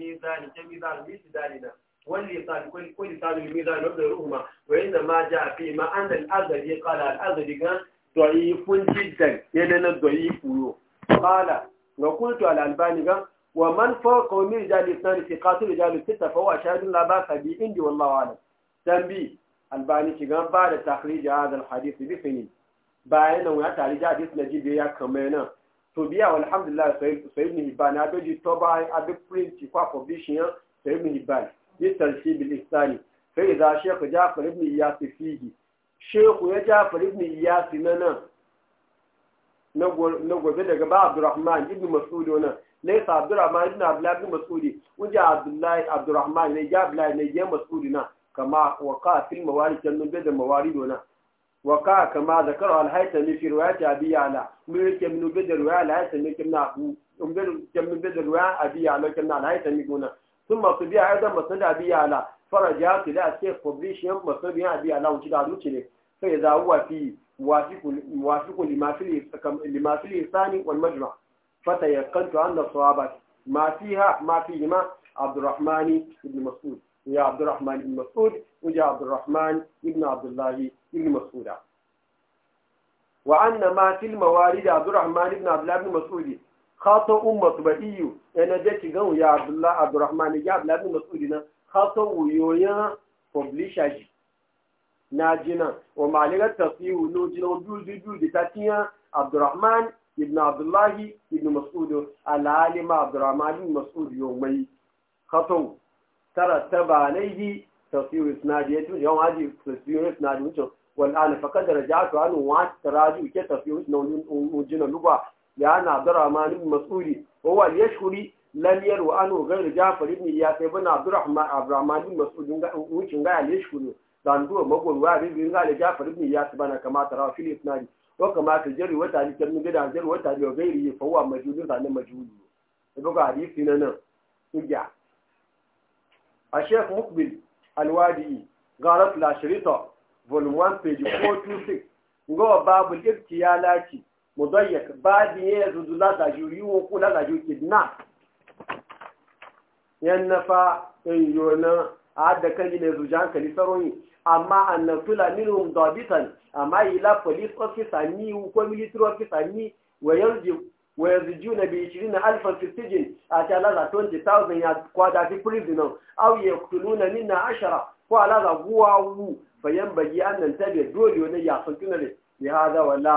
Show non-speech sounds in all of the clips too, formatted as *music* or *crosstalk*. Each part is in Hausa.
الميزان كميزان واللي صار كل كل صار الميزان وغيرهما وإنما جاء فيما أن الأزلي قال الأزلي كان ضعيف جدا ينن ضعيف قال وقلت على الألباني كان ومن فوق من رجال اثنان في قاتل رجال الستة فهو شاهد لا بأس به عندي والله أعلم تنبي الباني كان بعد تخريج هذا الحديث بسنين باين ويا تعريج حديث نجيب يا كمان to biya alhamdulillah sayyid ni hibban abe di toba abe print kwa publishing sayyid ni hibban bi tartib al ihsani fa idha shaykh jafar ibn iyas fihi shaykh ya jafar ibn na nan na gobe daga ba abdurrahman ibn mas'ud wannan laysa abdurrahman ibn abdullah ibn mas'ud wuja abdullah abdurrahman ne ja abdullah ne ya mas'ud na kama waqa fil mawarid kan da mawarid wannan وقع كما ذكر الهيثمي في رواية أبي على من كم من بدر رواية الهيثمي كم نعبو كم من بدر رواية أبي على كم نعبو الهيثمي قلنا ثم صبي أيضا مسند أبي على فرجعت إلى الشيخ فبليش يوم مسند أبي على وشد على وجهه فإذا هو في موافق موافق لما في لما في الثاني والمجمع فتيقنت أن الصواب ما فيها ما فيهما عبد الرحمن بن مسعود يا عبد الرحمن بن مسعود ويا عبد الرحمن بن عبد الله ابن مسعود وأن ما في الموارد عبد الرحمن بن عبد الله بن مسعود امه مطبئي أنا جيت قوم يا عبد الله عبد الرحمن يا عبد الله بن مسعود خاطئ ويويا publishers ناجنا ومعلقة تصيو نوجنا وجود وجود تاتيا عبد الرحمن ابن عبد الله ابن مسعود العالم عبد الرحمن بن مسعود يومي خطو ترى تبع عليه تصير إسناديته يوم هذه تصير إسناديته والآن فقد رجعت عنه وعن تراجع كتف يوجد نوجين اللغة لأن عبد الرحمن بن مسعود وهو اليشهري لم يرو عنه غير جعفر بن إياس بن عبد الرحمن عبد الرحمن بن مسعود وكان غير اليشهري zanduwa magwalwa da bin gale jafar ibn iyas bana kamata rawa fil isnadi wa kamata jari wata ni kan gida jari wata ni yi fa huwa majhulun da nan majhuli to daga hadisi na nan hujja a shek mukbil alwadi garat la sharita volume 1 page 426 ngo babu ya ibtiyalati mudayyak badi ya zuzu da juri wo kula da ta juri kidna yanna fa in yona adda kan ne zujan kali saroni amma an tula minum dabitan amma ila police officer ni ko military officer ni wayanji yanzu wa bi 20000 fi sijn ata la 20000 ya kwada fi prison au yaqtuluna minna 10 ko ala za guwa wu bayan bagi an nan tabi dole wani ya fankina ne ya hada wala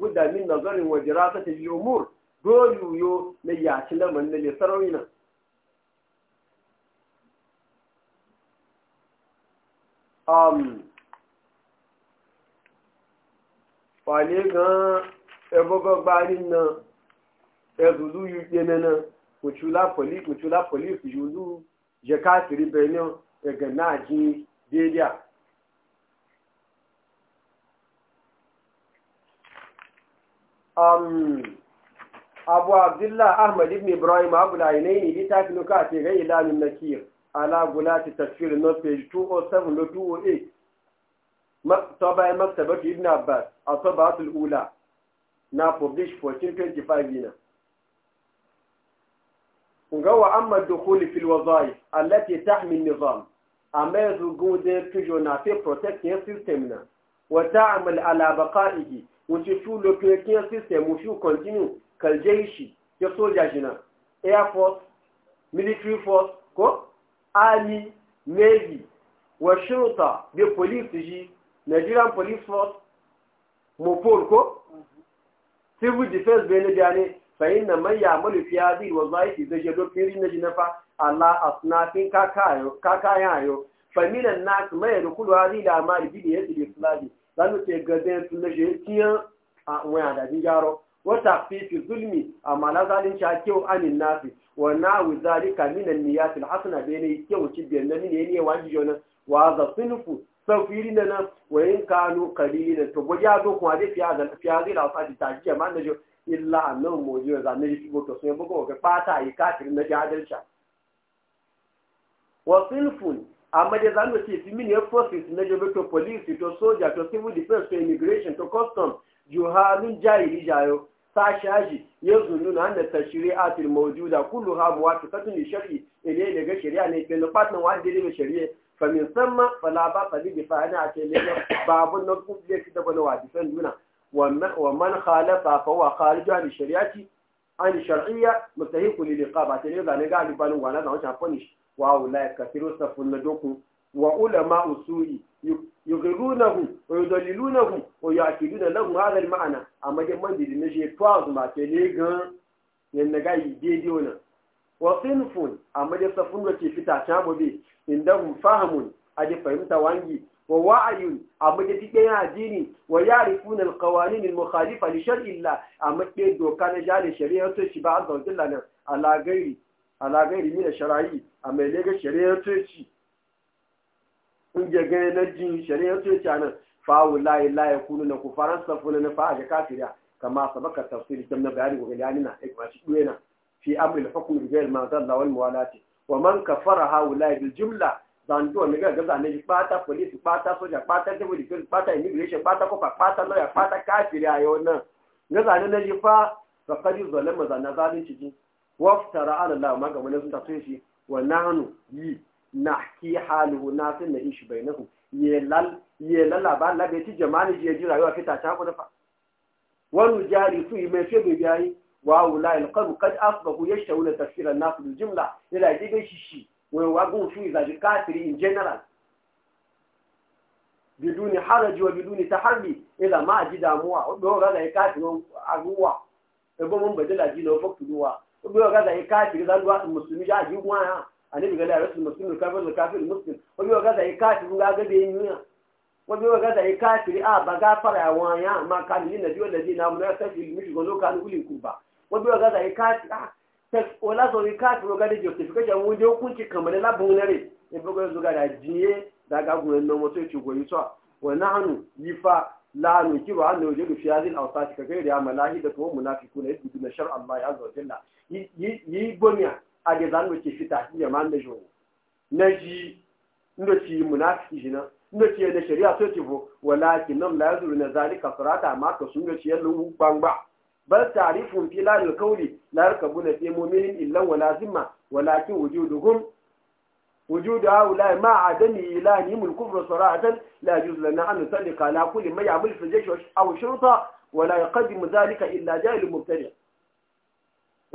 budda min nazarin wa dirasati lil umur dole yo na ya ne ebogo gbari na ezulu yu yenana kuchula police kuchula police yulu je ka tiri dedia Um, abu abdullah ahmad ibn ibrahim abu lainai ne littafi nuka a ce gai ilamin nakir ala gulati tafsir no page 207 no 208 maktaba ya maktaba ta ibn abbas a sabatul ula na publish 1425 yana ga wa amma dukhuli fil wazaif allati tahmi nizam amma yanzu gode tujo na sai protect system na wa ta'mal ala baqa'ihi wuce su lokiyokin system wushu continue kaljeishi ya soja jina air force military force ko army navy wa shirota be police ji nigerian police force mopol ko civil defense bai na biya ne fa inna man ya malufi ya zai wa zai ki jado firi na jinafa allah asnafin kakayan ayo faminan nas mai rukulu ha da amali bidiyar da islami zanu te gaden tun da shirkiyan a waya da yaro wata fifi zulmi amma na zalin a kyau anin nafi wa na wuzalika minan niyatil hasana da yanayi kyau ci biyar na mini ne ji jona wa za sunufu sauƙiri na nan wa yin kano kalili to zo kuma fiya da fiya zai da wasa ta jiya ma na jo illa annan moji wa zanen boto sun yi wa ga fata yi kafin na jadalca wa sunfun amma da zamu ce fi min forces na jobe to police to soldier to civil defense to immigration to custom juhalun jahili jayo sashaji ya zunnu na hannun tashri'atul mawjuda kulluha muwafiqatun li shar'i ile ne ga shari'a ne ke na fatan wa da shari'a fa min samma fala ba fa bi fa ana ce ne babu na kubbe da bana wa disan duna wa man khalafa fa huwa kharij an shari'ati an shar'iyya mustahiqu lil iqaba ne ga ne ga albanin wa na zan punish wa ulai kathiru safun dokun wa ulama usuli yughirunahum wa yudallilunahum wa yu'akiduna lahum hadha al-ma'na amma dai man didi ne je twazu ma te ne gan yan naga yi daidai wannan wa sinfun amma dai safun da ke fita ta inda indahum fahamun aje fahimta wangi wa wa'ayun a dai dike addini wa ya'rifuna al-qawanin al-mukhalifa li shar'i Allah doka na jale shari'a to shi ba azza wa jalla ala gairi da shara'i a mai lega shari'ar tuci in je gane na jin shari'ar tuci a nan fawo layi layi kunu na ku faransa funa na fa'a ga kafiriya kama sabaka tafsiri don na bayani ga gani na ai kwashi duwe na fi amri da hukum ga ma dalla wal muwalati wa man kafara layi bil jumla zan to ne ga gaza ne bata police bata soja bata civil defense bata immigration bata kofa bata lawyer bata kafiriya yau nan gaza ne yi fa faqad zalama zana zalunci waftara alallah Allah wani sun tafi shi wa nanu yi na ki halu na sun na ishi nahu? yelal lalla ba la beti jamani je ji rayuwa fita ta ku dafa wani jari su yi mai fiye bai yi wa wula alqaru qad asbahu yashtawuna tafsir an na bil jimla. ila dibe shi shi wani wagun su yi zaji kafiri in general biduni haraji wa biduni harbi ila ma ji damuwa do ga kafin a ruwa. ebo mun bajila ji na faktuwa gbogbo ọ̀gá zàyí káàkiri zálúwà mùsùlùmí yá àjí wọn yá àníbi gẹ́lẹ́ àrẹ́sì mùsùlùmí káfíìn lè káfíìn mùsùlùmí wọ́n bí ọ̀gá zàyí káàkiri ńlá gẹ́gẹ́ yín yá wọ́n bí ọ̀gá zàyí káàkiri àbágá fara àwọn yá máa ka nìyí nàbí ọ̀lẹ́ dín náà múná sẹ́fì mùsùlùmí ló ka níwúlì kùbà wọ́n bí ọ̀gá zàyí káàkiri لا ننكر عنه وجد في هذه الاوقات كغيرها ملاهي ده هو منافقون يثبتون شرع الله عز وجل yi gomiya a da zan ke fita ya ma da jiwo na ji ndoci munafiki jina ndoci da shari'a so wala walakin nan la yazuru na zalika surata ma ka sun ndoci yallu gbangba bal ta'rifun fi la al-qawli la yarkabuna fi mu'minin illa wala zimma walakin wujuduhum وجود هؤلاء مع عدم إلههم الكفر صراحة لا يجوز لنا أن نصدق على كل ما يعمل في الجيش أو الشرطة ولا يقدم ذلك إلا جاهل مبتدئ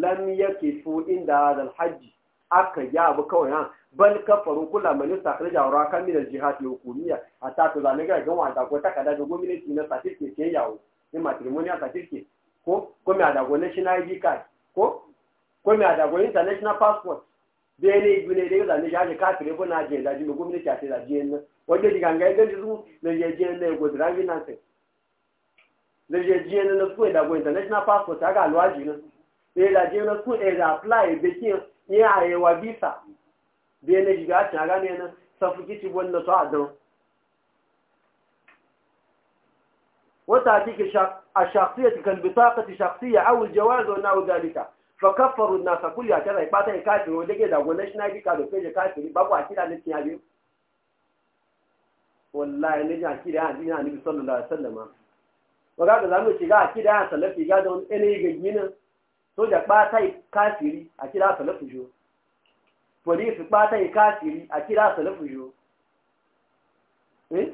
lam yakifu inda hadal hajji aka yi abu kawai ha bal kafaru kula mani sakar jawara kan min jihad hukumiyya a ta to zane ga gan wanda ko takada da gwamnati na certificate ke yawo ni matrimonial certificate ko ko mi adago national id card ko ko mi adago international passport bele ibune de da ne jaje ka tire bona je da jimi gwamnati a ce da jiyan wanda diga ngai da jisu ne je jiyan ne go na license ne je jiyan ne ko da go international passport aga alwaji ne sai da je na su ɗaya apply da ke yi a yawa bisa biya na shiga gane na safuki ci wanda su adon wata ake a shaksiyar ta kalbisa ka ci shaksiyar awul jawazo na wujalika fa kafaru na sakuli a kyanar ipata ya kafin wanda ke dago na shi na bi kado kai ya kafin babu a kira na tiyabi wallahi na jan kira ya jina ni bi sallallahu alaihi wasallama wa ga ga zamu shiga a kira ya da ga da wani ga gina soja pata kafiri a kira salafu jo polisi pata kafiri a kira salafu jo eh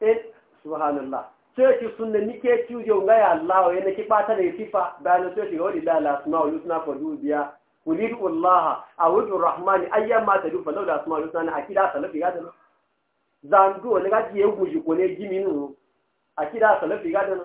eh subhanallah sai ni ke tuje ga ya Allah ya ki pata da sifa bayan sai ki wadi da la asma wa yusna fa dubiya kulidu Allah a wudu rahmani ayyama ta dufa da asma wa yusna a kira salafu gadan da zango ne ga ji yugo ji ko ne jimi nu a kira gadan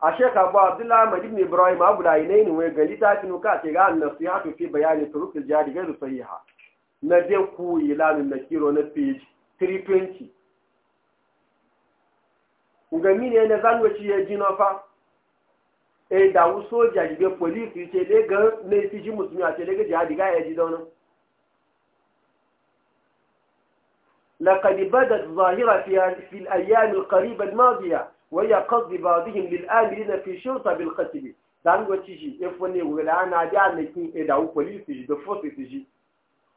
a sheka abu abdullahi madi ibn ibrahim abu da yanayi ne wai gari ta tinu ka ce ga annan su hatu fi bayani turukul jari gairu sahiha na je ku ilanin na kiro na page 320 ga mine na zanwaci ya ji na fa e da wu soja jibe polisi ce dai ga ne fi ji musulmi a ce le ga jihadi ga ya ji da wani لقد بدت ظاهرة في الأيام القريبة الماضية waya qasdi ba'dihim lil amilina fi shurta bil qatl dan go ci shi e fone go da na ja ne kin e da police ji da force ji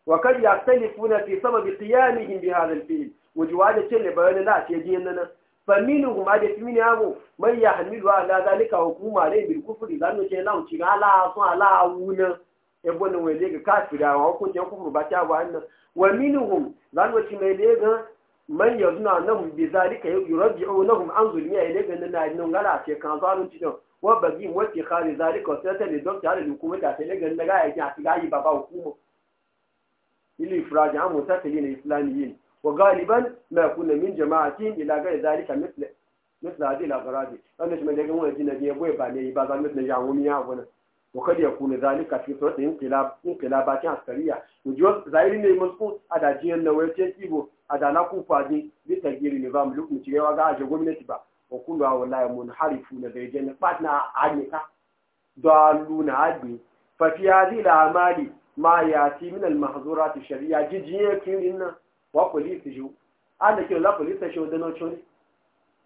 wa kad yaktalifuna fi sabab qiyamihim bi hadha al fi'l wajwada ce le bayan la ce ji nan fa minhum ma da fi min yago man hamilu ala zalika hukuma dai bil kufri dan go ce lan ci ala sun ala wuna e bonu wele ga kafira wa ko je kufru ba ta ba annan wa minhum dan go ci mai da ga man yazuna nahum bi zalika yuraji'unahum an zulmiya ilayka nan na nan gara ce kan zalun ci don wa bagi wa ti khari zalika sai ta ne don ta da hukumata ta ne ganin ga yake a tiga yi baba hukuma ili ifraji an ta ta yin islamiyyin wa galiban ma kunna min jama'atin ila ga zalika misla misla hadhihi al-aghradi wannan shi mai daga wani jinabi ya goye ba ne ba za mu ne ya wumi ya wannan وقد يكون ذلك في صورة انقلاب انقلابات عسكرية وجوز ظاهر ne mun kun adaji na wajen ibo adana ku fadi bi tagiri nizam lokacin cewa ga aje gwamnati ba wa kullu wallahi mun harifu na da jin patna ajika daluna adi fa fi hadhihi al-amali ma yati min al-mahzurat ash-shari'a jijiye kin inna wa police ju an da ke la police show da no chori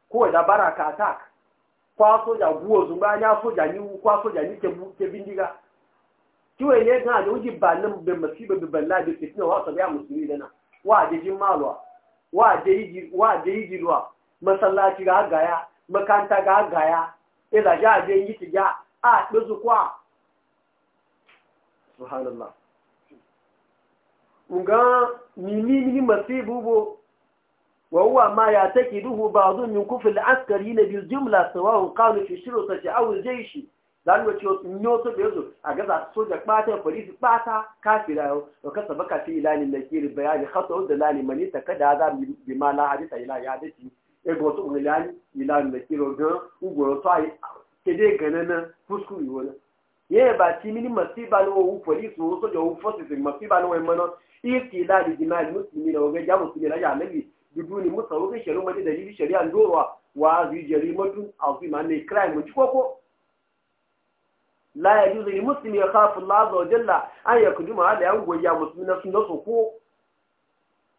ko da baraka attack kwa soja guwo zumba na soja ni kwa soja ni ke ke bindiga kiwe ne ga da uji ba nan be masiba be balla da fitna wa sabiya musulmi dana wa na jin wa da yiji wa da yiji ruwa masallaci ga ya makanta ga gaya ila e ja je yi tija a duzu kwa subhanallah mun ga ni ni masibu وهو ما يعتقده بعض من كفر العسكريين بالجملة سواء قالوا في الشرطة أو الجيش لأنه نيوتو بيوزو أجازة سوجة باتا فليس باتا كافرة وكسب كافي إلان النكير بيان خطأ دلان من يتكد هذا بما لا حديث إلى يادتي إبوتو إلان إلان النكير وغن وغوتو كده غننا فسكو يولا yẹ́ bá tí mínímọ̀ sí ìbálòwò owó pọ̀lísì owó sójà owó fọ́sìsì mọ̀ sí ìbálòwò ẹ̀mọ́ náà ìfì ìlàdìdì máa ní ga jamu ti mùsùlùmí ya yà bi biduni shari'u shari'a mace dalili shari'a ndorwa wa zai jari matun alfi ma ne crime ci koko la ya juzu ni Musulmi ya kafa Allah azza wa jalla an ya da ya yan goyya musulmi na sun nasu ko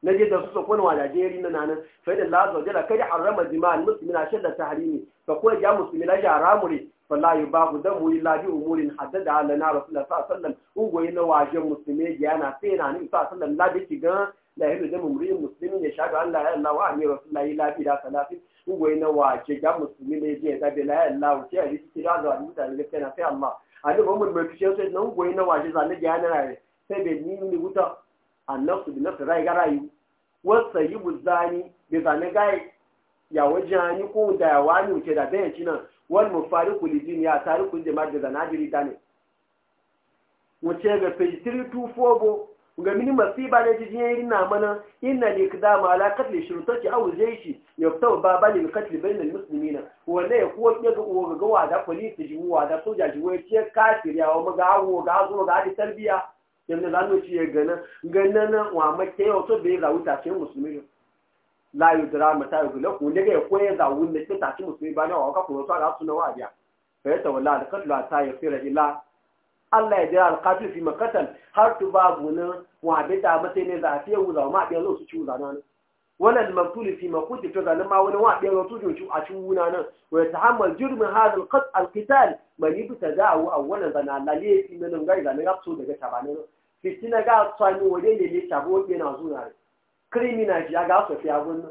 na je da su soko na wajajeri na nanan Fai da Allah azza wa jalla kada harama jima'al musulmi na shadda tahrimi ka ko ya muslimi la ja ramuri fala yubahu damu illa bi umurin haddada lana rasulullah sallallahu alaihi wasallam ungoyi na wajen musulmi ya na sai na ni sallallahu alaihi wasallam la bi la yadu da mumri muslimin ya shaɗu an ya Allah wa amir rasulullahi la bi da salatin ugwe na wa ke ga musulmi ne je zabe bi la ya Allah ce a riki da da mutane da na sai Allah a ba mun mai fushe sai na ugwe na wa je zan ga yana rai sai be ni ni wuta guta annasu bi nafsi rai ga rayu wasa yi buzani bi zane ga ya waje wajani ko da ya wani wuce da bayan cinan wal mufariqu lidin ya tariku jama'a da zanajiri dane wuce ga fejitiri tufo bo ga mini masiba ne jijin yayi na mana inna li kidama ala qatl shurutati aw jayshi yaktab baba lil qatl bayna al muslimina wala yakuwa ke ga uwa da wada police ji uwa da soja ji wai ce kafir ya wa ga awo ga zo ga di tarbiya yanda lanu ci gana gana na wa makke yau to bai rawu ta ce musulmi la yudra ta yugula ko ne ga yakuwa da zawun da ta ce musulmi ba na wa ka ko to ga sunan wa biya fa yata wala al qatl ta yasira ila Allah ya jira alqatil fi makatan har tu ba nan wa bida mace ne za a fiye za ma a zo su ci zana nan wannan mafuli fi makuti to zana ma wani wa biya zo su ci a cikin wuna nan wa yatahammal jurm hadha alqat alqital man yibtada'u wannan zana lalle ya fi nan gari zana ya fito daga tabanin fitina ga tsani waje ne ne tabo ke na zuwa shi ya ga so fi abun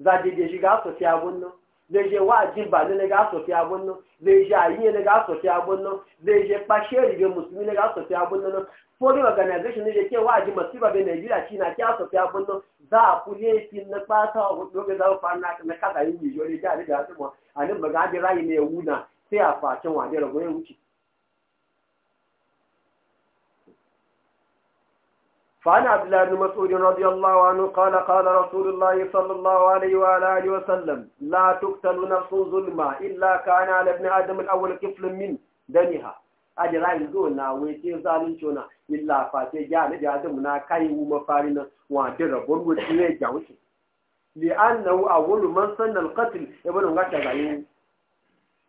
nan ga so fi zai je wajin ba ne ga sofi abun nan zai je ayi ne ga sofi abun nan zai je pashe rige musulmi ne ga sofi no nan foreign organization ne ke wajin masiba bai Nigeria shi na ke sofi abun nan za a kule shi na fata a hudu ga zama fa na na kaga yin yi jori da da su mu anin ba ga ji rayi ne ya wuna sai a facin wa da rago ya wuce فعن عبد الله بن مسعود رضي الله عنه قال قال رسول الله صلى الله عليه وعلى آله وسلم لا تقتل نفس ظلما إلا كان على ابن آدم الأول كفل من دمها ajirayin zona wece zalun cona illa fate ya ne da adamu na kai mu mafari na wa da rabon wuce ne na wuce li annahu awwalu man sanna al-qatl ibn ngata gayu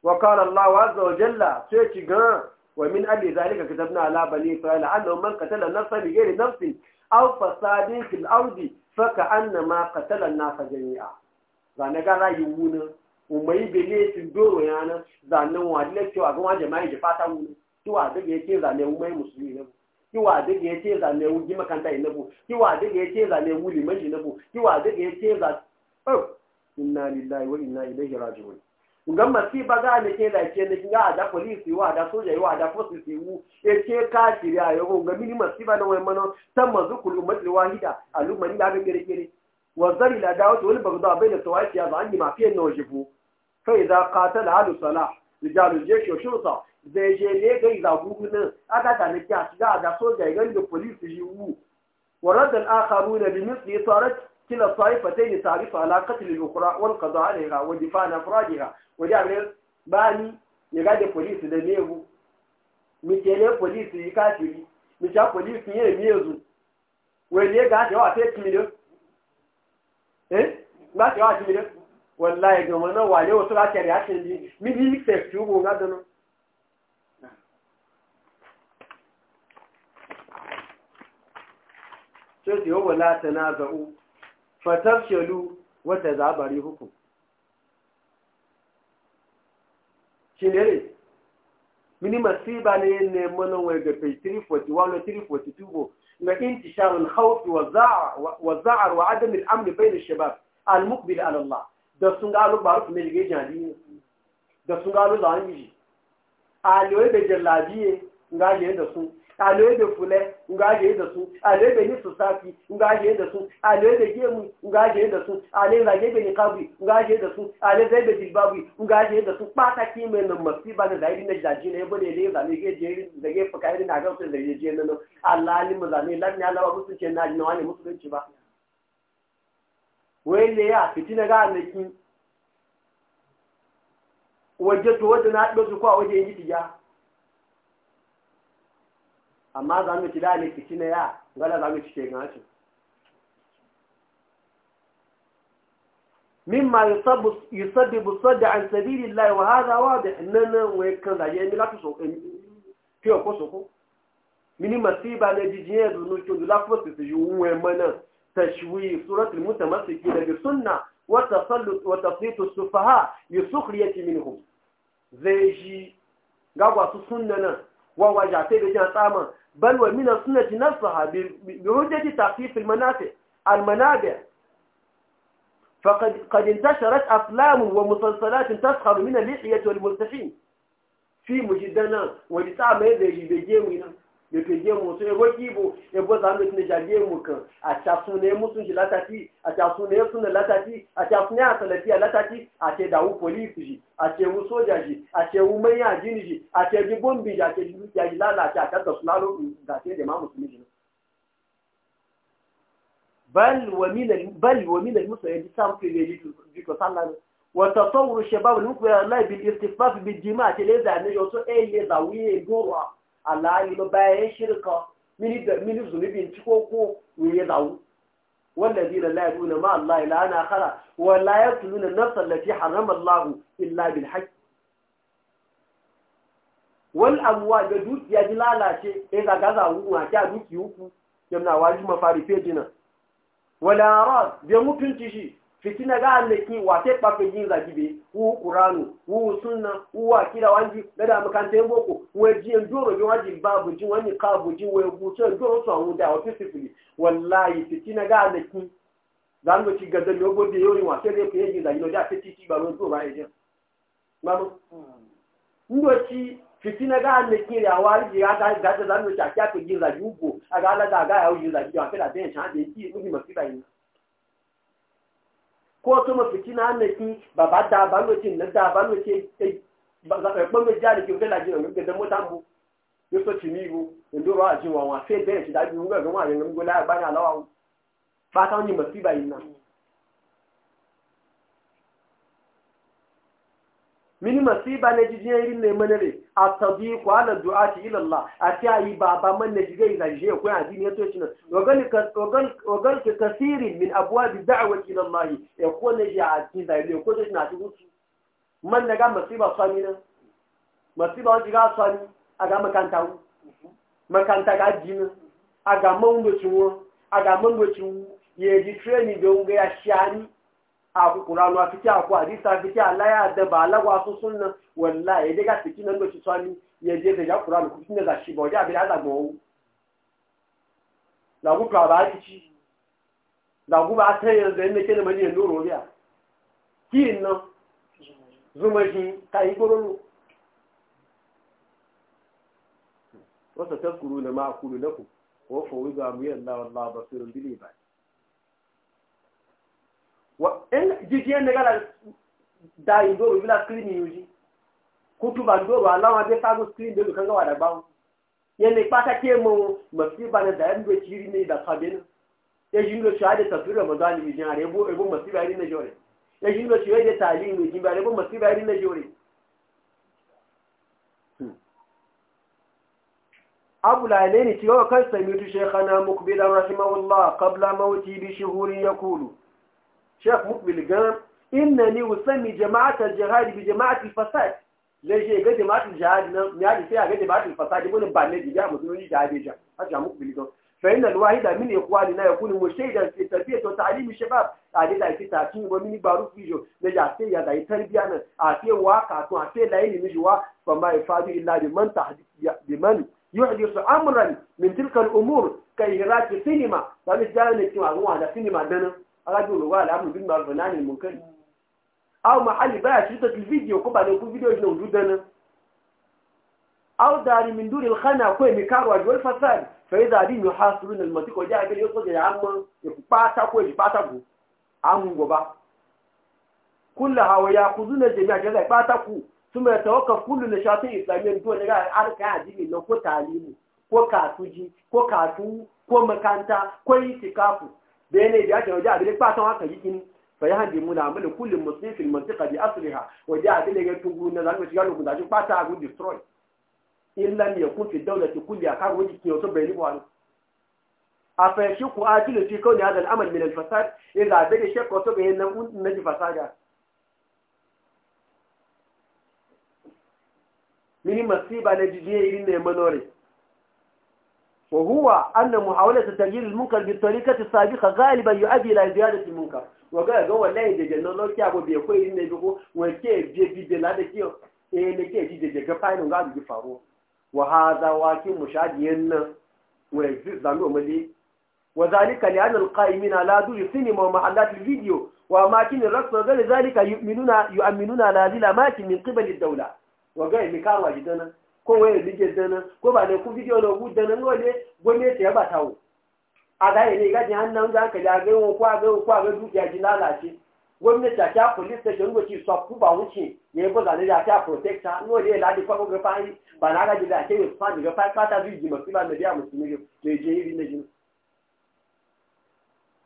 wa qala Allah azza wa jalla sai ci ga ومن أجل ذلك كتبنا على بني إسرائيل أنه من قتل نفسا بغير نفس أو فساد في الأرض فكأنما قتل الناس جميعا zane gara yi wuna umayi ne su doro yana zane wa dile cewa ga waje mai jefa ta wuna ki wa daga yace zane umayi musulmi ne ki wa daga ce zane wuji makanta ne bu ki wa ya ce zane wuli mai ne bu ki wa ce yace oh inna lillahi wa inna ilaihi raji'un nga baga ne ke da ke nake ga da police wa da soja wa da forces e wu e ke ka kiriya yo nga mini ba na wa mano tan mazukul ummat wahida alumani da ga gere gere wa zari la da'wat wal bagda bayna tawaifi ya zanni ma fiye no jibu fa idza qatala ahlu salah rijalu jaysh wa shurta zai je ne ga iza gugunan aka ta a da soja ga da e police yi wu wa radda al-akharuna bi misli tarat كلا الطائفتين تعرف على قتل الأخرى والقضاء عليها والدفاع عن أفرادها وجعل باني يغادي بوليس دنيبو ميتيلي بوليس يكاتري ميتيا بوليس يميزو وليه غادي واتي كميلو eh ايه؟ ta yawa jimile wallahi والله يجمعنا وعليه وصلاة كريعة ta ميدي ji mini yi ta fi ugu na sai yi wala ta za'u fatafshalu wata zabari hukum shi ne ne mini masiba ne nemo manon wai ga fai 341 342 bo na khawf sharon za'a wa za'ar wa adam al bai da shabab al-muqbil al Allah da sun galo baruf ne ga jadi da sun galo da yi aliyoyi da jallabiye ngaje da sun ana edo fule nahịedou anaee ji tụtụ akpi nga ahịa edou ana ede ja enwu nga ahịa edou ana ea ga-egbenye nka gbi nga ahị edou a na eeede jiri ba gbii na ahị edosu mkpata ka ime nụ maka ịba na a iri na ji na ji na ebo na ele e a na ga eji na a ga p karị na a ag eje nnụ a a la anị ma lila na a ọ gụtụ nchen na nane tr nche ba wee lee ya eti nye ga a na na akpị ezukwa we je e ji ya amma za mu ci da ne na ya gada za mu ci ke gashi mimma yusabbu yusabbu sadda an sabilillahi wa hadha wadih annana wa kan da ya milatu so o ko so ko mini masiba ne jijiye do no to la fosse se yuwe mana tashwi surat almutamassikin bi sunna wa tasallut wa tafsit as-sufaha li sukhriyati minhum zai ga gagwa su sunna na. وهو جعتي بجان طاما بل ومن السنة نفسها بحجة تخفيف المنافع المنابع فقد قد انتشرت أفلام ومسلسلات تسخر من اللحية والمرتحين في مجدنا ولتعمل يجي بجيونا yake je mu sai waki bo e bo zan ne jaje mu kan a ta sunne musun latati a ta sunne sunne latati a ta sunne a salafiya latati a ce da u police ji a ce mu soja ji a ce mu mai ajini ji a ce ji bombi ji a ce ji ya ji lalata ta da sunalo da ce da ma musulmi ji bal wa min al bal wa min al musayyid sam fi ji ji ko sallan wa tatawur shabab al mukbir la bil istifaf bil jima' ce le da ne yo so e le da wi gora alhali ba bayan shirka mini zunubin ciko ko ya zawo wanda zina la yaduna ma Allah ila ana khara wa la yaqtuluna nafsan allati harama Allah illa bil haqq wal amwal da dukiya ji lalace eh ga gaza huwa ta duki uku yamna waji mafari fejina wala arad bi mutunci shi fitina ga allaki wa te pape jin za gibe wu qur'anu wu sunna wu akira wanji da makanta yin boko wu jin doro jin waji babu jin wani kabu jin wu gutu doro so an da wato sifili wallahi fitina ga allaki zan go ci gadda yo go de yori wa te de pe jin za gibe da te ti ba ro do ba eje mamu ndo ci fitina ga allaki ya wari ya ga ga zan go ci akya pe jin za yugo aga ala da ga ya yugo za wa te da ben chan de ti mu ni masiba yin ko to ma fitina na ki baba da ba no tin na da ba no ke eh, ba za eh, ka pon ja ni ki bela ji no ke da mota mu yo so timi wo ndo ro aji wa wa fe bere ti da bi mu ga wa ni ngo la ba na lawa ba ta ni ma fi ba yin na mini masiba na jijiyar irin ne mana ne a tabi ku ala du'a ci ilallah a ci a yi baba man na jijiyar zai je ko yana jini ya toci nan wagal ka kasiri min abuwa bi da'awa ci ilallahi e ya e ko na ji a cikin zai ne ko toci na ci hutu man na ga masiba sami nan masiba wani ga sami a ga makanta wu makanta ga jini a ga mangocin wu a ga mangocin wu ya ji training da wunga ya shani aku kuranu a fiti aku hadisa alaya da ba alagwa na sunna wallahi ya daga fiti nan doshi sani ye je da ya kuranu kuma tunda zashi ba wajen abin da zagon wu lagu ka ba ci lagu ba ta yin zai ne kene mani yanzu robiya ki nan zuma ka ta yi gororo wasa taskuru na ma akulu lakum wa fawiza mu ba wallahi basirun bil ibad jíjí nagara da indoro bila screen yuji kutuba ndoro alama be sago screen de kanga wada bawo yene pata ke mo masiba na da yando chiri ne da kabena ya jindo shahada tafsir ramadan bi jin are bo ebo masiba ri na jore ya jindo shahada talim bi jin bare bo masiba ri na jore أبو العلين تيوكا سميت شيخنا مقبلا رحمه الله قبل موتي بشهور يقول شيخ مقبل قام إنني أسمي جماعة الجهاد بجماعة الفساد ليش قد جماعة الجهاد يعني فيها قد جماعة الفساد يقول بعد جاء مسلمين جهاد جاء هذا مقبل الجام فإن الواحد من إخواننا يكون مشيدا في تربية وتعليم الشباب هذا لا في تأكيد ومن بارو فيجو نجا سي يا داي تربية أتي واقع تو أتي لا يلي مجوا فما يفاد إلا بمن تحدث بمن يحدث أمرا من تلك الأمور كإهراج السينما فمش جاي نتكلم عن واحد السينما دنا arábìnrin olùwà aláàmù bí màá bọ̀nà ní mọ̀kẹ́lì àwọn mahali báyà sí tẹ̀tù fídíò kó bàlẹ̀ kú fídíò ìṣẹ̀lẹ̀ òdú dáná àwọn dàrí mi dúró ìlànà kó èmi káàrọ̀ àjọ ìfàsáàlì fẹ̀yẹ́ dàrí mi ha sùúrù nà lùmọ̀tí kọjá abẹ́rẹ́ yóò sọ̀jẹ̀ àmọ́ èkú pátákó èyí pátákó àmú gbọ̀bá kúlẹ̀ àwọn ya kùzú nà jẹ̀mí àjẹ́lẹ̀ pátákó túmọ̀ ẹ̀tọ́ ọkọ̀ kúlù nà ṣàtún ìsìlámì ko katuji ko katu ko makanta ko بين يديك وجاء بالإقباع سواء كيكين فيهدم العمل كل مسلم في المنطقة بأصلها وجاء بالإقباع تقول نزل وشغال وكذا شو باتا أقول destroy إن لم يكن في الدولة كلها كان ودي كيوتو بيني وانو أفشك آجل في كون هذا الأمر من الفساد إذا بدي شك وتبه نجي فسادا mini masiba na jijiye irin ne manore وهو أن محاولة تغيير المنكر بالطريقة السابقة غالبا يؤدي إلى زيادة المنكر وقال قوة لا يجي نو لو كابو بيكوي إنه بيكو وكي بي بي بي لا دكيو إيه نكي جي جي كفاين وقال بيجي فارو وهذا واكي مشاهد ين ويجي زانو ملي وذلك لأن القائمين على دور السينما ومحلات الفيديو وأماكن الرقص وغير ذلك يؤمنون يؤمنون على هذه الأماكن من قبل الدولة وقال مكاوا جدنا ko waye dana ko na ku bidiyo da dana ngo ne ya bata wu a ga ne ga jin hannan ga ka da ga aga ko ga ji lalace gwamnati ta ta police station ngo ci so ku ba wuce ne ko da ne da ta protector ngo ne la di ko ba na ga ji da ke di ta bi masu ba ne ya musulmi ke je yi ne ji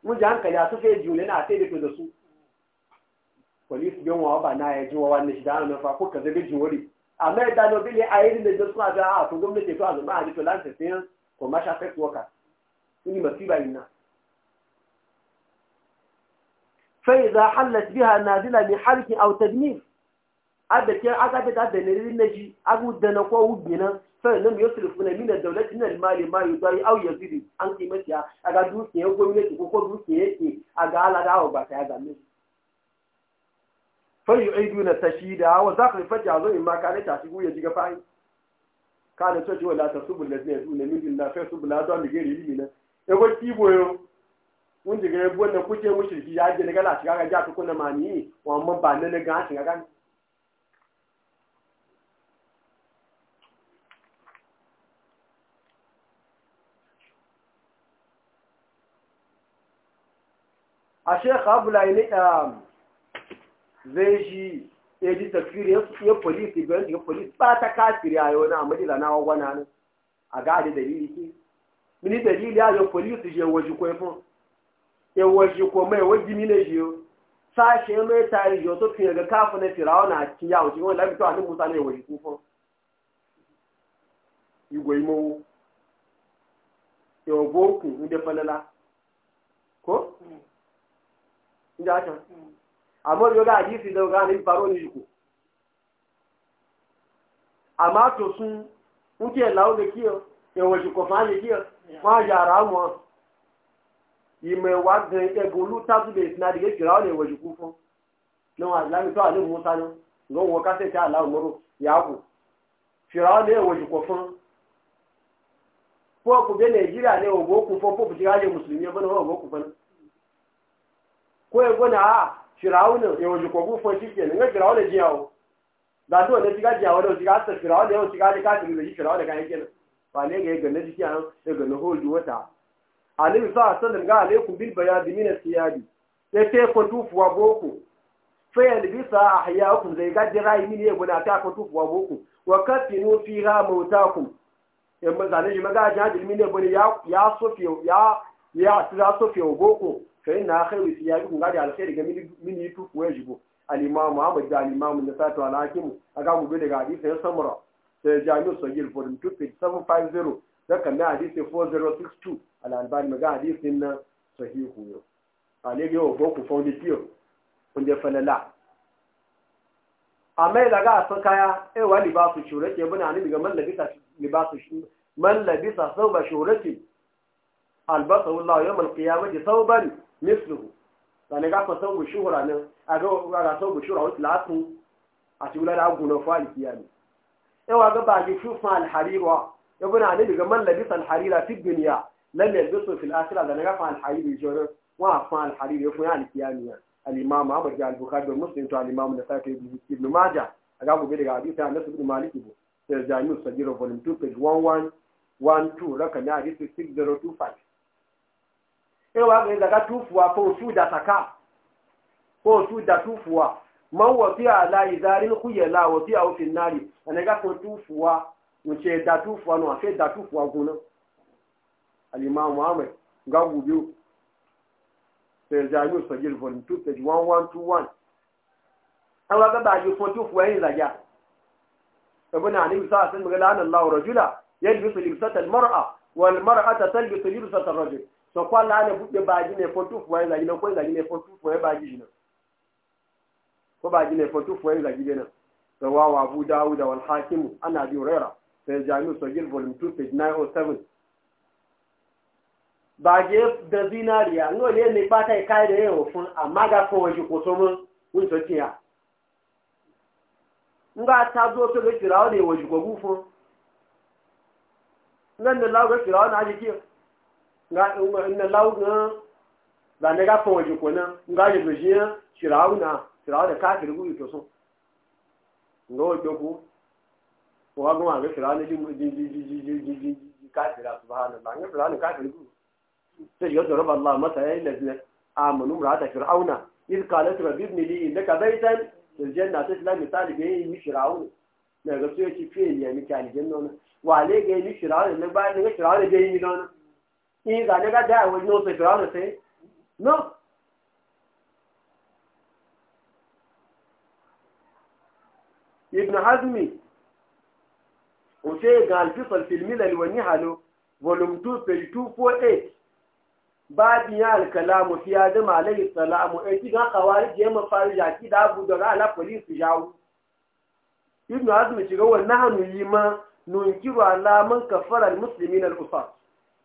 mu ji jule na sai da da su police bin wa ba na wa shi da ko amma ya dano bile a yi da suna ga a to gwamnati to azuma a jito lansa sayan commercial sex worker ni masiba na fa idza halat biha nazila bi halq aw tadmir adda ke aka da da ne naji agu da na ko wugina fa lam yusrifuna min ad-dawlat min al-mal ma yudai aw yazid an qimatiya aga dukiya gwamnati ko ko dukiya yake aga ala da ba sai aga miji fayyu'iduna tashida wa zakar fajja zo in ma kana ta shigo ya jiga fa'i kana to ji wala tasubul ladina yaduna min illa fa yasubul ladwa mi gari na. e go kibo yo mun diga e bonna kuke mushriki ya je daga shiga ga ja tukun na mani wa mun ba ne ga shi kaga a shekha abu ne zai shi ya ji tafiri ya polisi bayan shiga polisi ba ta kafiri a yau na amma da na wagwana nan a da yi ke mini dalili a yau polisi je waje ko fun ya waje ko mai waje mine je yo sashe mai tari yo to fiye ga kafa na firawa na cikin yawo cikin wani lafi to a nan musa ne waje ko fun igwe imowo yau boko inda falala ko mm. inda aka mm. àmọ́ yóò dá àdìsí lọ ká ní parọ́ ní ìkò àmọ́ àtòsún ń kí ẹ̀ láwọ́ lè kí ọ ẹ̀wọ̀n ìṣùkò fáyé kí ọ wọ́n á yàrá wọn ìmọ̀ ẹ̀wà gan ẹgbẹ̀ olútàbílẹ̀ ìsinadìgé kìrá ọ̀nà ẹ̀wọ̀n ìṣùkú fún níwọ̀n àdìlámítọ́ àlẹ́ mú sánú lọ́wọ́ kásẹ̀ tí àlá òmòrò yàgò kìrá ọ̀nà ẹ̀wọ̀n ìṣùkò fún pọ́ọ̀kù bẹ́ nàìjíríà ní ògbókùn fún pọ́ọ̀kù tí wáyé mùsùlùmí ẹgbẹ́ náà ògbókùn fún kó ẹgbẹ́ náà firawuna ya waje kogu fa shi ke nan firawuna jiyawo da to da shiga jiyawo da shiga ta firawuna yau shiga da kafin da shi firawuna kai kenan ba ne ga ganna jiki an daga na hoji wata alim sa sallam ga alaikum bil bayadi min asiyadi sai sai ko tufuwa boko fayal bisa a ahyaakum zai ga rayu mini ne guna ta ko tufuwa boko wa kafinu fiha ku. yamma zane shi maga jahil min ne ya ya sofiyo ya ya tira sofiyo boko فإن آخر سياقكم قاعد على خير جميل من يتوف ويجبه الإمام أحمد الإمام النسات على حاكم أقام بيد حديث السمرة سجاني صغير فورم 25750 ده كان حديث 4062 على البال مجا حديث إن صحيح هو عليه يو بوكو فونديتيو عند فللا أما إذا جاء سكايا kaya ewa libasu shurake bana ni daga man لبيس libasu man لبيس ثوب shurake البصر والله يوم القيامة sauban ne ga ka fa sangu shuhura nan a ga ga sangu shuhura wasu latun a cikin lada guna fa alkiyami in wa ga ba ji shufan alharira ya buna ne daga man labisa alharira fi duniya lam yalbisu fil akhirah da ne ga fa alharira jore wa fa alharira fa alkiyami al-imam Ahmad al-Bukhari da Muslim to al-imam Nasa'i ibn Majah aga gobe daga hadisi Anas ibn Malik ibn Jami'u Sajir volume 2 page 1112 rakami hadisi 6025 ewa ga daga tufuwa ko su da saka ko su da tufuwa man wafi ala izarin kuyela wafi a wufin nari a na ga ko tufuwa mace da tufuwa no a da tufuwa gona alimamu amai ga gubiyu sai jami'u sagir vol 2 an ga ba ji tufuwa yin zagya ibn ali musa sun ga lanan lawo rajula yalbisu libsata almar'a wal mar'ata talbisu sọ̀kọ́ aláàánú púpẹ̀ ba ji ne fọ́tún fún ẹ̀ ìlàjì náà kó ìlàjì lẹ̀ fọ́tún fún na bá ají jìnnà kó bá ají lẹ̀ fọ́tún fún ẹ̀ ìlàjì lẹ̀ wa wa bu abu da wal hakim ana rera rẹ́ra jami so gil volum 2 page nine Ba oh seven. da zinariya ní òní ẹni pátá ìka ẹ̀rẹ́ ẹ̀rọ fún àmága fún wọn ṣùkò tó mọ́ so sọ tiẹ̀. nga ta tó lè tìrà ó lè wọ̀ ṣùkò bú ko nga nílá ó lè nga na lau na za ne ga fon waje kona nga je dojiya shirawu na shirawu da kafir gudu to so nga wajo ku ko ga ma ga shirawu ne ji ji ji ji ji ji ji ji kafira subhanallah nga shirawu ne kafir gudu sai ya dora Allah mata yayin lazina amanu ra'ata fir'auna iz qalat rabbi ibn li innaka baytan fil janna sai la misali ga yi shirawu na ga sai ci fiye ya mi ni janna wa le ga yi shirawu ne ba ne ga shirawu da yi ni na in zane ga da awon yau sai firawun sai no ibn hazmi o sai ga filmi filmilal wani halo volume 2 page 248 babin ya alkalamu fi adam alayhi salamu e ti gan kawari je ma faru da abu da ala police jawu ibn azmi ci ga wannan hanu yi ma nunkiru ala man kafarar almuslimin al-usar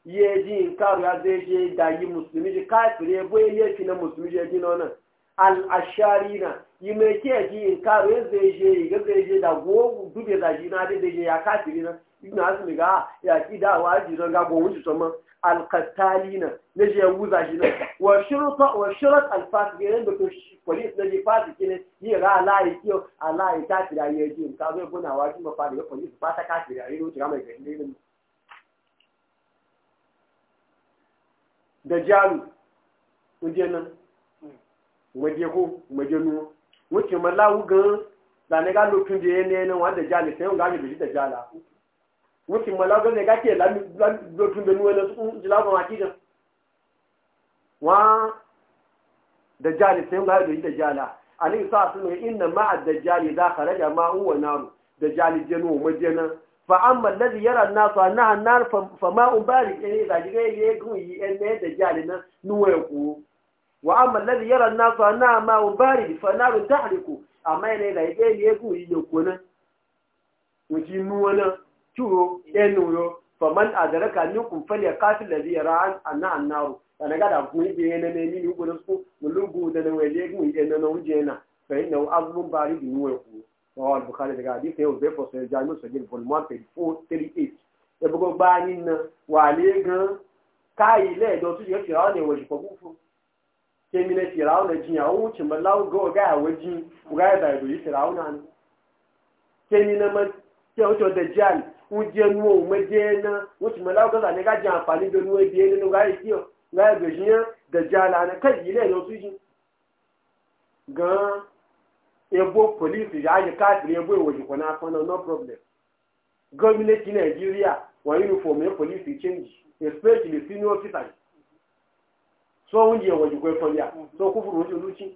yeji inkaru ya zai je dayi musulmi ji kafir ya boye yefi na musulmi je ji na al'ashari na yi mai ke ji inkaru ya zai je ga zai je da gogu dube da ji na dai je ya kafiri na ibn azmi ga ya ki da wa ji zan ga gogun ji tsoma al-qattali na ne je wuza ji na wa shurta wa shurat al-fasik ne da ji fasik ne yi ga alai kiyo yi kafira yeji inkaru ya buna wa ji mafari ga police ba ta kafira yi ne ta mai ga da jalu waje nan waje ko waje nuwa wuce malawu gan ne ga lokacin da ya ne wa da jalu sai ga bi da jala wuce malawu gan ga ke lami tun da nuwa na su jila ba ma kidan wa da jali sai ga bi da jala ani sa ne inna ma'a jali da kharaja ma huwa naru dajjali waje majena fa'amman lazi yara nasu na hannar fama'un bari ɗaya eh, eh, ne gida ya yi gun yi ɗan ɗaya da jali na nuwa ya kuwo wa amman lazi yara nasu na ma bari fanarun ta hariku amma yana da gida ya yi gun yi ya kuwa wuci nuwa na turo ɗan eh, nuyo faman a dare ka ni kun fali ya kafi lazi yara an na hannaru da na gada kun yi ɗaya na nemi ni hukunan su mulugu da na waje gun yi ɗan na wuje na fahimta azubin bari da nuwa ya kuwa rawal bukhari daga hadisi yau bai fasa jami'u sagir volume 438 da bugo ba gan kai le do yo ne ke mi ne go ga ga da do yi nan ke ma ke o to jan je na o ci mallawo ga ne ga jan afani do nu e biye ne ga yi ga ga da jala na kai do gan ebo polisi ya yi káàkiri ebo ìwòjì kò náà fọ́nà no problem gọ́ọ̀mìnẹ́tì nàìjíríà wa uniform ẹ̀ polisi change especially senior officers so oúnjẹ ìwòjì kò ẹ̀fọ́ yà so kúfùrù oúnjẹ olùchí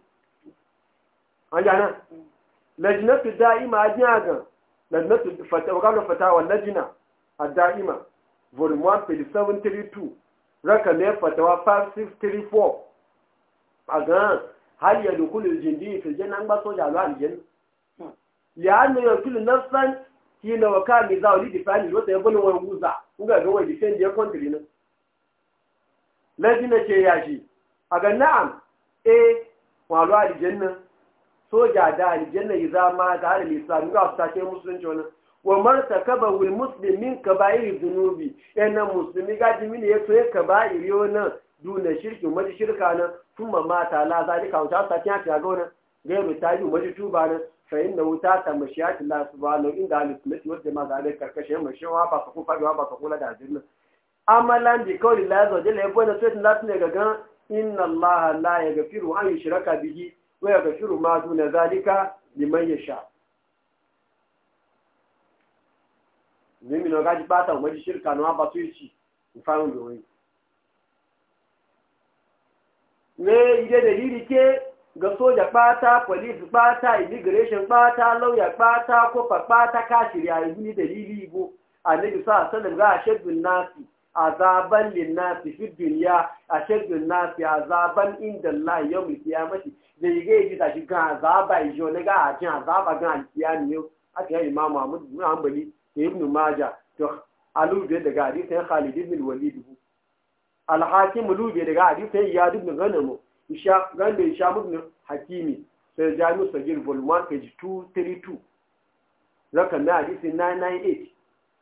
ọjà náà lẹ́jìnà ti dá ìmọ̀ ajé àgàn lẹ́jìnà ti fàtàwọ́gánà fàtàwọ́ lẹ́jìnà àdá ìmọ̀ volume one page seven three two rẹ́kàlẹ́ fàtàwọ́ five six three four àgàn Hali ya dukkan iljin din firjen an ba soja zuwa aljin ya hannu ya kulu nassan ki na wa ka mi zawali di fani wata ya gani wani guza in ga gawa di fendi ya kontri nan lafi na ce ya shi a ga na'am e walu aljin nan soja da aljin nan yi zama da hada mai sami ga su take musulunci wani wa marta kaba wul muslim min kaba'ir zunubi yana musulmi gaji mini ya so ya kaba'ir yau na duna shirki mace shirka nan kuma mata la zalika wuta ta kiya ta ga mu ta yi wani tuba ne fa inna wuta ta mashiyati la subhanahu inda al-sunnati wal jama'a zalika karkashin mashiwa ba ka kufa ba ka kula da ajirna amalan bi kawli la zo jalla ko na sai latin ne gaga inna allaha la yaghfiru an yushraka bihi wa yaghfiru ma duna zalika liman yasha mimi no gaji pata umaji shirka no aba tuichi mfano ndio hivi ne ide da lirike ga soja kpata, police kpata, immigration ɓata lauya ɓata kpata, k'a kashiri a yi dalili ibo annabi sa sallam ga ashaddun nasi azaban linnasi fi duniya a nasi azaban inda Allah yawmul qiyamati da yige yi da shi ga azaba ijo ne ga ajin azaba ga alkiyami yau aka yi imamu Ahmad bin Hanbali da Ibn maja, to alu da daga hadisin Khalid ibn Walid alhakim lube daga hadisai ya dubin ganamu ganda isha mutune hakimi sai jami'u sagir volume page 232 rakan na hadisi 998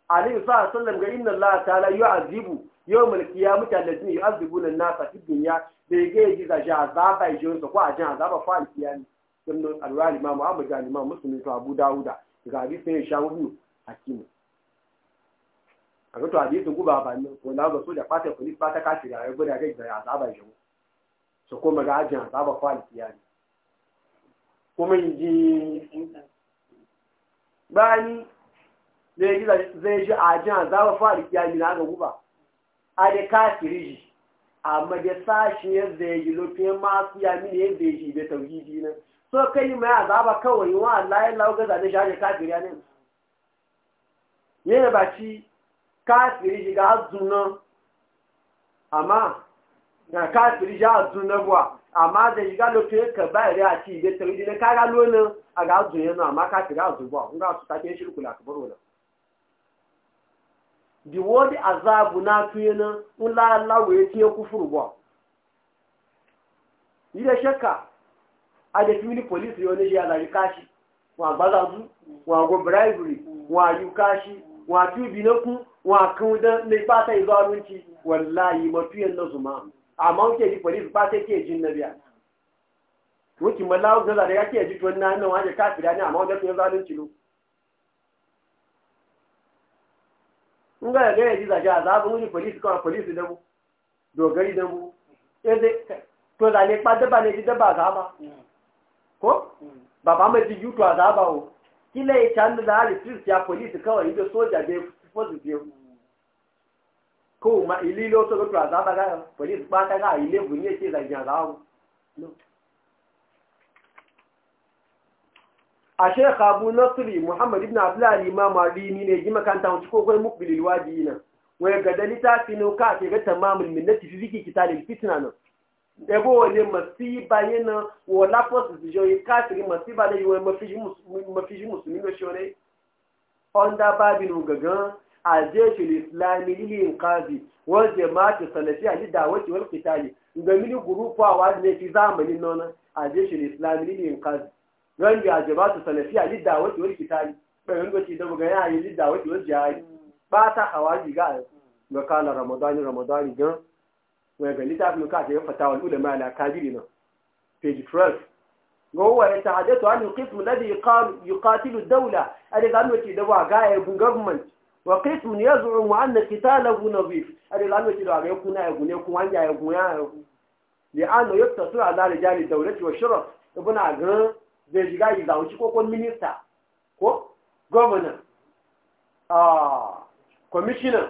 alayhi sa sallam ga inna allah ta'ala yu'azibu yawmal qiyamati allazina yu'azibuna an-nasa fid dunya da yake ji da shi azaba ya jinsa ko a jin azaba fa al-qiyami sunan al-imam Muhammad da imam Muslim to Abu Dawud ga hadisi ya shawu hakimi a ga to guba ba ne ko na ga so da fata ku ni fata ka tira ya guda ga da azaba shi so ko maga ajin azaba ko alkiyani kuma yi bani zai ji zai ji ajin azaba ya alkiyani na ga guba a da kafiri shi amma da sashi ya zai ji lokacin masu yami ne zai ji da tauhidi na so kai mai azaba kawai wa Allah ya lauga da shi kafiri ne yana ba ci káàkiri yìí ká dùn náà àmà na káàkiri yìí á dùn náà bọ̀ àmà àdé yìí a ló fi kẹ̀ báyìí àti ìdè tẹ̀lé ìdílé káàkiri lónà àgá dùn yẹn náà àmà káàkiri á dùn bọ̀ nígbà tó tàbí ẹ̀ṣin kùlà àkàbọ̀rọ̀ náà. azabu na tuye na ńlá aláwọ̀ etí yẹn kú fúrù bọ̀. yìí lè ṣẹ́ka àdé tí mílí pòlíìsì yóò ní ṣe wa káàṣì wọn wa wọn kashi. wato binakun wakan don mai fata yi zalunci wallahi matuyan na zuma amma wuke ji polis ba sai ke jin na biya wuki malawu gaza da yake ji tuwan nan waje kafira ne amma wajen tuyan zalunci lo in ga ga yaji zaje a zaɓi wuni polis kawai polis da mu dogari da mu to zane kpa daba ne ji daba ba. ko mm. baba mai ji yutu a zaba o kila ya canza da hali tirs ya polisi kawai ido soja bai fosu bai ko ma ililo to ga za ba ga polisi ba ta ga ile bunye ce zan ya za no a shekha abu nasri muhammad ibn abdullahi imam adini ne ji makanta wuce ko kai mukbilil wadi nan wai ga dalita finu ka ke ga tamamul minnati fi ziki kitalil fitna nan ebe wale masiba yana wala fosu su joyi kasiri masiba da yiwuwa mafiji musulmi da shore onda babin gagan a jeshin islami lilin kazi wal jama'atu salafi a lida wace wal kitali ga mini gurupu a wani ne fi zamanin nona a jeshin islami lilin kazi ran da jama'atu salafi a lida wace wal kitali bayan gaci da buga yayi lida wace wal jihari ba ta hawa ga ga kala ramadani ramadani gan wani ga littafin ka ta yi fatawa ulama na kabiri nan page 12 ga huwa ya ta an na da daula a da gano ce da government wa kismun ya zuwa wa an na kita na zif a da gano ce da kuna ya gune kuma hanya ya gune ya gu da an na yadda suna za da jari daulaci wa shirar ibina ga zai shiga yi zaunci ko kon minista ko governor ah, commissioner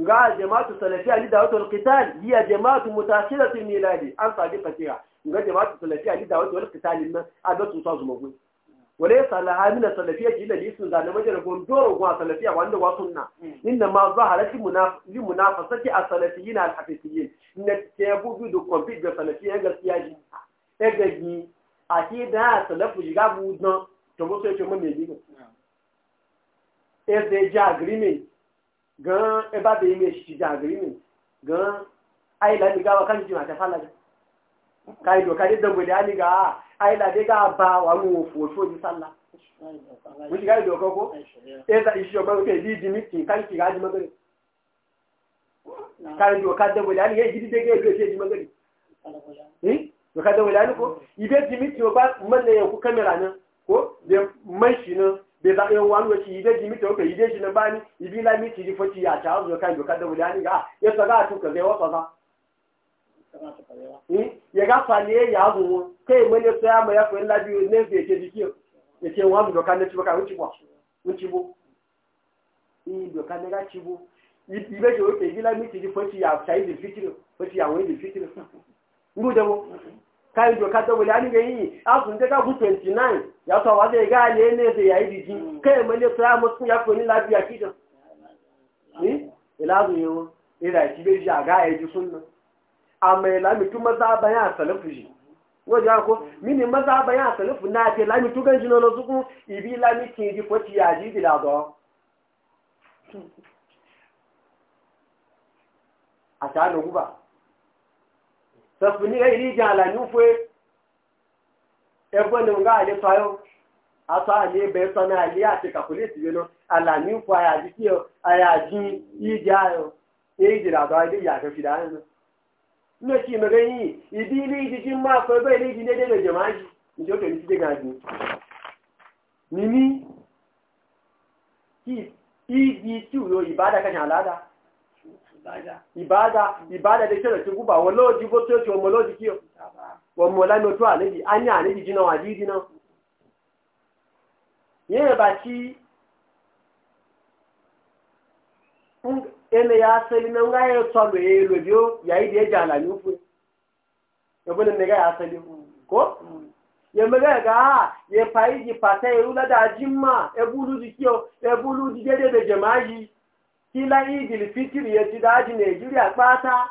ga jama'atu salafiya li da'watul qital hiya jama'atu mutaakhiratul miladi an sadiqatiha ga jama'atu salafiya li da'watul qital nan adatu sa zuma gun wala salaha min salafiya ji da lisun da na majar gon doro gon salafiya wanda wa sunna hmm. inna ma zaharat li munafasati as-salafiyyin al-hafiziyin inna tabu bi du compete da salafiya gaskiya ji e ga ji a ti da salafu ji ga bu don to bo sai ce mun ne ji e ze ja agreement gan eba da ime shi jan agreement gan ai la diga wa kan ji ma ta fala kai do kai da gode ani ga ai la diga ba wa mu fo fo ji sallah mu ji kai do ko ko e da ishi ba ko di di meeting kan ki ga ji magari kai do ka da gode ani ye ji de ge do ji magari eh do ka da gode ani ko ibe di meeting ba man ne ku kamera nan ko da man shi nan bai za e a yi wani wace yi daji mita yau ka yi daji bani ibi bi la miti ji fati ya ta zo kan dokar da wulani ga ya sa ga tuka zai wasa za hmm? e ya e ga fale ya zo kai mene saya ma ya koyi labi ne zai ke jiki ya ce wani dokar na cibo ka wuce ba wuce bo yi dokar na ga cibo yi bai ke wuce yi bi la miti ji fati ya ta yi da fitiri fati ya wani da fitiri *laughs* ngu da mu káyọ̀ ìjọ kátó wòlé alíwẹ̀ yìí áàfin tẹ́ká fún twenty nine zai àwọn àti ẹ̀gá àlẹ́ ẹ̀ẹ́nẹ́ ẹ̀sẹ̀ yà ìdí jí kẹ́yìn mọ́lẹ́ tó yà mọ́ fún yà fún nílá bíi àkíjọ. ní ìlànà yẹn wọn ìlà ìtìbẹ́ yìí àgá ẹ̀jú fún mi. àmọ́ ìlànà tó mọ́tà abayá àtàlẹ́fù yìí wọ́n jẹ́ àkó mí ni mọ́tà abayá àtàlẹ́fù náà ti ìlànà tó kẹ́ ti tasbini ga iri jan ala nufe ẹgbẹ́ ni nga ale fayo ato ale bẹ sọ na ale ati kakuleti bi ala nufe ayaji ti o iji ayo eji ra do ale yàtọ̀ fi da yẹn nínú tí ìmọ̀ rẹ̀ yìí ìdí ilé ìdí tí máa ti ìbáadà ìbáadà tẹ́ ṣẹlẹ̀ tí gúbà wọn lóòjì bó tí ó ti ọmọ lóòjì kí wọn mọ̀ anya ojú àlejì ányà àlejì jìnnà wà jíì dínà yẹn yẹn bá tí ẹnlẹ ya sẹlẹ náà ńgá ya sọlọ yẹn lòdì ó yàyí di ẹjà ya kila idil fitiri ya ci daji Nigeria kpata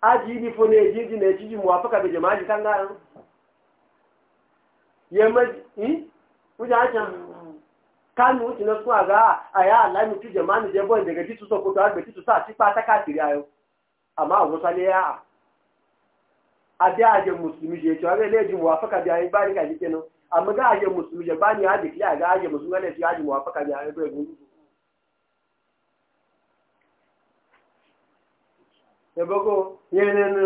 aji hmm? ni fo Nigeria na ejiji muwafaka da jama'a kan ga ya ma yi wuce acan kanu wuce na suna ga a ya alami tu jama'a ni jebo daga titu sokoto har da titu sa ci kpata kafiri ayo amma a wasu ne ya abi aje musulmi je ci wani leji muwafaka da yayin bani ka ji kenan amma ga aje musulmi je bani ya jiki ga aje musulmi ne ci aje afaka da yayin bai gudu ebogo yenene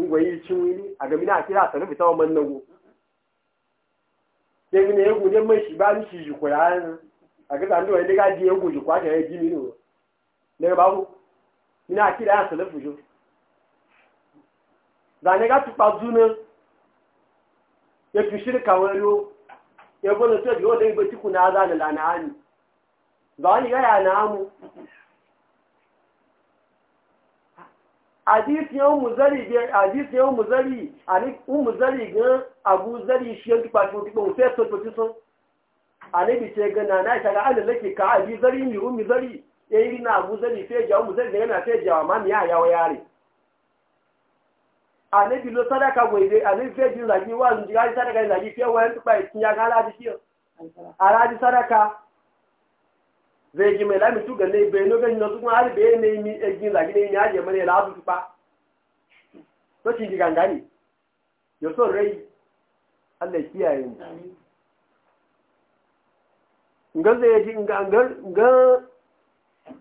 ngwayi chiwili agamina akira asanu bita wa mannago yemi ne egwu ne mai shi ba ni shi ji koya an agata ndo ne ga di egwu ji kwa ga ji mi no ne ba ku ina akira asanu fujo da ne ga tupa zuna ya tu shirka wero ya gona to di o da ibe tiku na azana lanani ba ni ga ya na amu hadisi yau muzari biyar hadisi gan shi yanki kwato tukpon sai so to tisun anabi ce gana na ta ga an lake ka abi zari mi un na abu zari sai ma mi ya yawo yare anabi lo sadaka sadaka ga sadaka zai ji mai lami tu ganne bai no su kuma har bai ne mi egin la gine ni aje su pa to shi ji gangani yo so rai Allah kiyaye mu ngal zai ji ngal ngal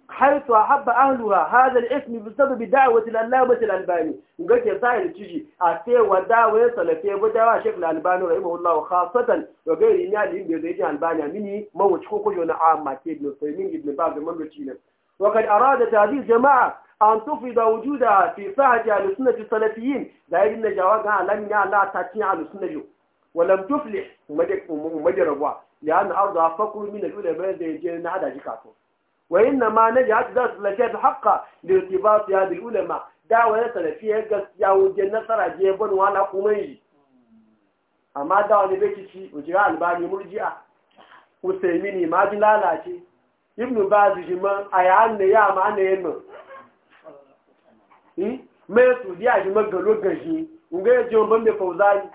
حيث أحب أهلها هذا الاسم بسبب دعوة الألامة الألباني يا يسائل تجي أتي ودعوة سلفية ودعوة شيخ الألباني رحمه الله خاصة وغير إنها لهم بيزيج الألباني مني موت خوكو جونا ماتي ابن الصيمين ابن باب من رتينا وقد أرادت هذه الجماعة أن تفرض وجودها في صحة أهل السنة السلفيين دائما إن جوابها لم لا تأتي على السنة ولم تفلح ومجربها لأن أرضها فقر من الأولى زي جينا على وإنما نجحت درس لشيء حقا لارتباط هذه العلماء دعوة سلفية قصية وجنة سرجيبا وعلى قمي أما دعوة بيتشي وجراء الباني مرجئة وسيميني ما جلالاتي ابن باز جمع أيان يا ما نيم mai su di a jimar galo gashi nga ya ce wa ban da fauzari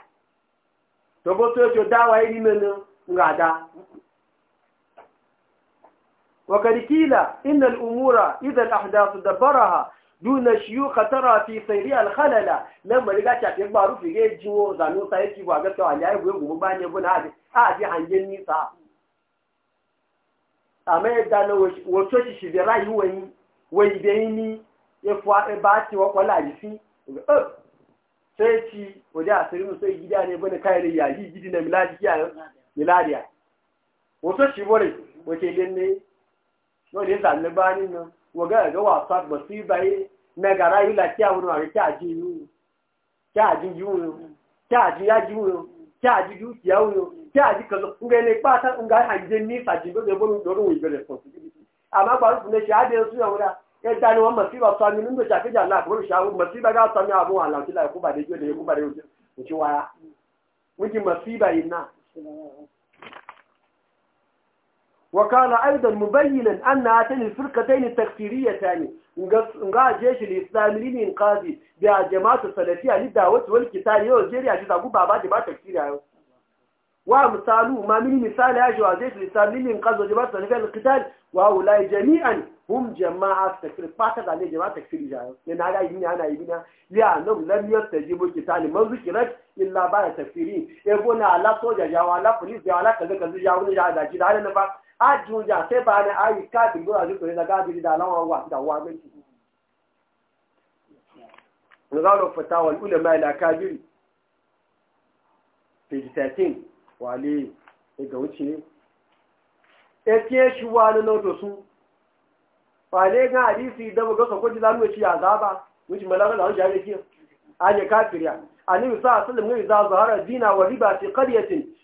to ba su ngada وقد قيل إن الأمور إذا الأحداث دبرها دون الشيوخ ترى في سيرها الخلل لما رجعت في معروف يجي جو زانو سايتي وقت على أي بيوم ما نبون هذا هذا عن جنني صار أما إذا لو وشوش شبيرا يوين ويبيني يفوا إباتي وقلا يفي sai ci waje a sirrin sai gida ne bane kayan yaji gidi na miladiya miladiya wato shi bore wace ne wọ́n lè sàn lẹ́gbàá nínú wọ́n gẹ́gẹ́ gẹ́gẹ́ wà sọ àgbọ̀ sí báyìí mẹ́gàrá yìí láti àwọn ọ̀rọ̀ rẹ̀ kíájú yìí wò kíájú yìí wò kíájú yájú wò kíájú yìí kíá wò kíájú kẹlọ nga ilé pátá nga àjẹ ní ìfàjì lóde bọ́lú lọ́dún wò ìbẹ̀rẹ̀ sọ àmọ́ àgbàdo fún ẹ̀ṣẹ̀ àdé ẹ̀sùn yàwó rà ẹ̀ dání wọn mọ̀sí bá sọ nínú ìṣàkéjà náà وكان أيضا مبينا أن هاتين الفرقتين ثاني نقا جيش الإسلامي للإنقاذ بجماعة السلفية للدعوة والقتال والجري عشان تقول بابا جماعة تكفيرية ومثالو ما من مثال يجوا جيش الإسلامي للإنقاذ وجماعة السلفية للقتال وهؤلاء جميعا هم جماعة تكفير فاتت عليه جماعة تكفيرية لأن هذا يبني أنا يبني لأنهم لم يستجيبوا القتال ما ذكرت إلا بعد تكفيرين يقول على صوجة جاء على بوليس جاء على كذا كذا جاء على جاء على نفاق ajújà sẹ́bà ni ayé káàdì gbọ́dọ̀ àti pèlè lága àti dídá aláwọ̀ wà àti àwọn agbẹ́jì. Nìgbàdàn fọ̀tà wọn ìkúlẹ̀ máa ilẹ̀ akábírì. Pèjì thirteen wà lé ẹgbẹ̀ ó wa nínú odò sún. Wà lé gán àdìsí ìdánwò gọ́sọ̀ kó ti lánú èsì àzáàbà ló Anyị mọ̀ lára làwọn jẹ́ ayé káàkiri à. Àníbi sáà sílẹ̀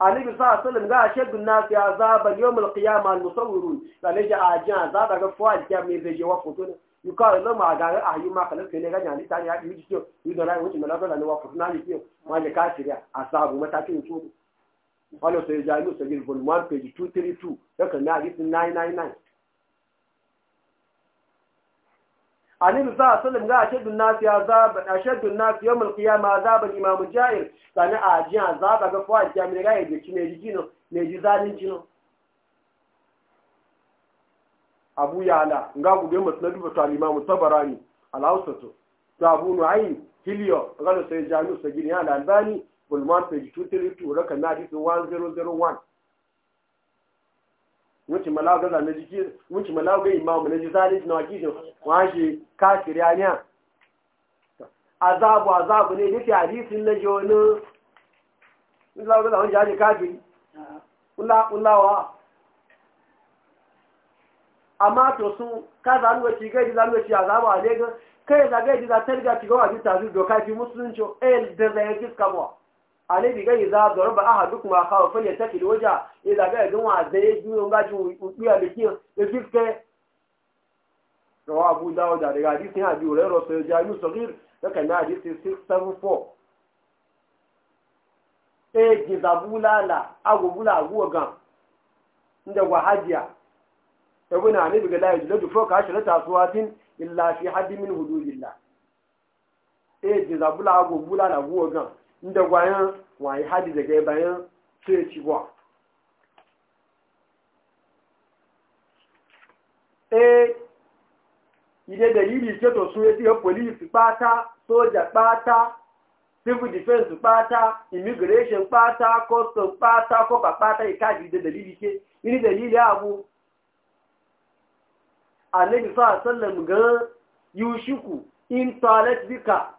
annabi sa sallam ga shaddu nas ya azaba yawmul qiyamah al musawwirun ne ga ajin za ga fuwa ja me zai wa foto ne ka lo ma ga ga ayu ma kala sai ne ga jani tani ya yi jiyo yi da rai wuce da ne wa foto na ne kiyo ma ne ka shirya asabu matakin su wala sai ja mu sai bulman page 232 daga na 999 annabi sa sallam ga ashadun nas ya azab ashadun nas yawm alqiyama azab al-imam jair sani a ji azab ga fa jami ga yaje ci ne ji no ne ji zalin ci no abu yala nga gube musnadu ba al-imam tabarani al-awsatu ta abu nu'aym hilyo ga sai jami'u sagiri ya al-albani bulman page 232 rakan hadisi 1001 wuce malawa ga na jiki wuce malawa ga imamu na ji zalunci na wakishin washe kafiri aniya azabu azabu ne duk hadisin na joni Allah ga wani jaje kafiri Allah Allahwa amma to sun ka za mu ci gaji za mu ci azabu a ga kai za gaji za targa ci ga wani tazu doka fi musulunci el da zai fiska ba anabi ga iza zarba a akhaw falyatakil waja iza ga gan wa da ya juyo ga ju ubiya da kiyo da fiske rawa abu dawud da daga hadisin abi hurairah sai jami'u sagir da kan hadisi 674 e gizabulala agubula aguwa gan inda wa hajiya ibn anabi ga la yajladu fawqa ashrata aswatin illa fi haddi min hududillah e gizabula agubula aguwa gan inda gwayan ha hadi daga bayan sai ya a. e ide dalili ike to su e ya polisi pata soja pata civil defense pata immigration pata custom pata kopa pata ikaji e ide dalili ce ini dalili abu annabi sallallahu alaihi wasallam ga yushiku in talat bika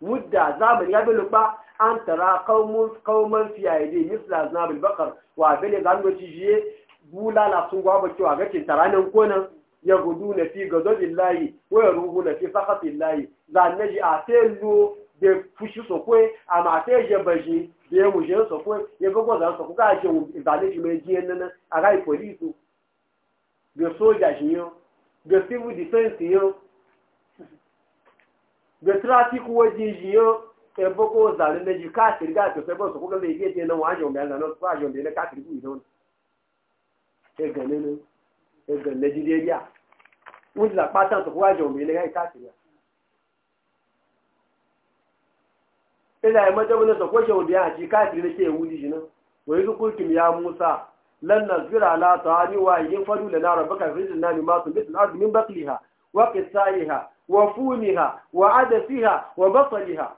mudda zamani ya bulu ba an tara kauman fiye da misla zamani bakar wa bele zango cijiye bulala sun gwaba cewa gakin taranin konan ya gudu na fi gazobin layi ko ya ruhu na fi sakafin layi za na ji a sai lo da fushi sokwe a ma matai ya baji da ya muje sokwe ya gogo zan sokwe ga ce zane shi mai jiyan nan a ga polisu da soja shi yau da civil defense yau da trafik waje jiyo ebe ko zalin da ji kafir ga to sai ba su da zai fiye nan wajen bayan zanen su wajen da na kafir ku idan e gane ne e gane ji dai ya wuce da patan su wajen bayan ga kafir ya ila e ya mata wani sako shi wanda ya ji kafir ne ke wuri shi na wai zu kulkin ya musa lan nazira la ta'ani wa yin fadu lana rabbaka rizqna mimma tunbitu al-ardu min baqliha wa qithaiha وفومها وعدسها وبصلها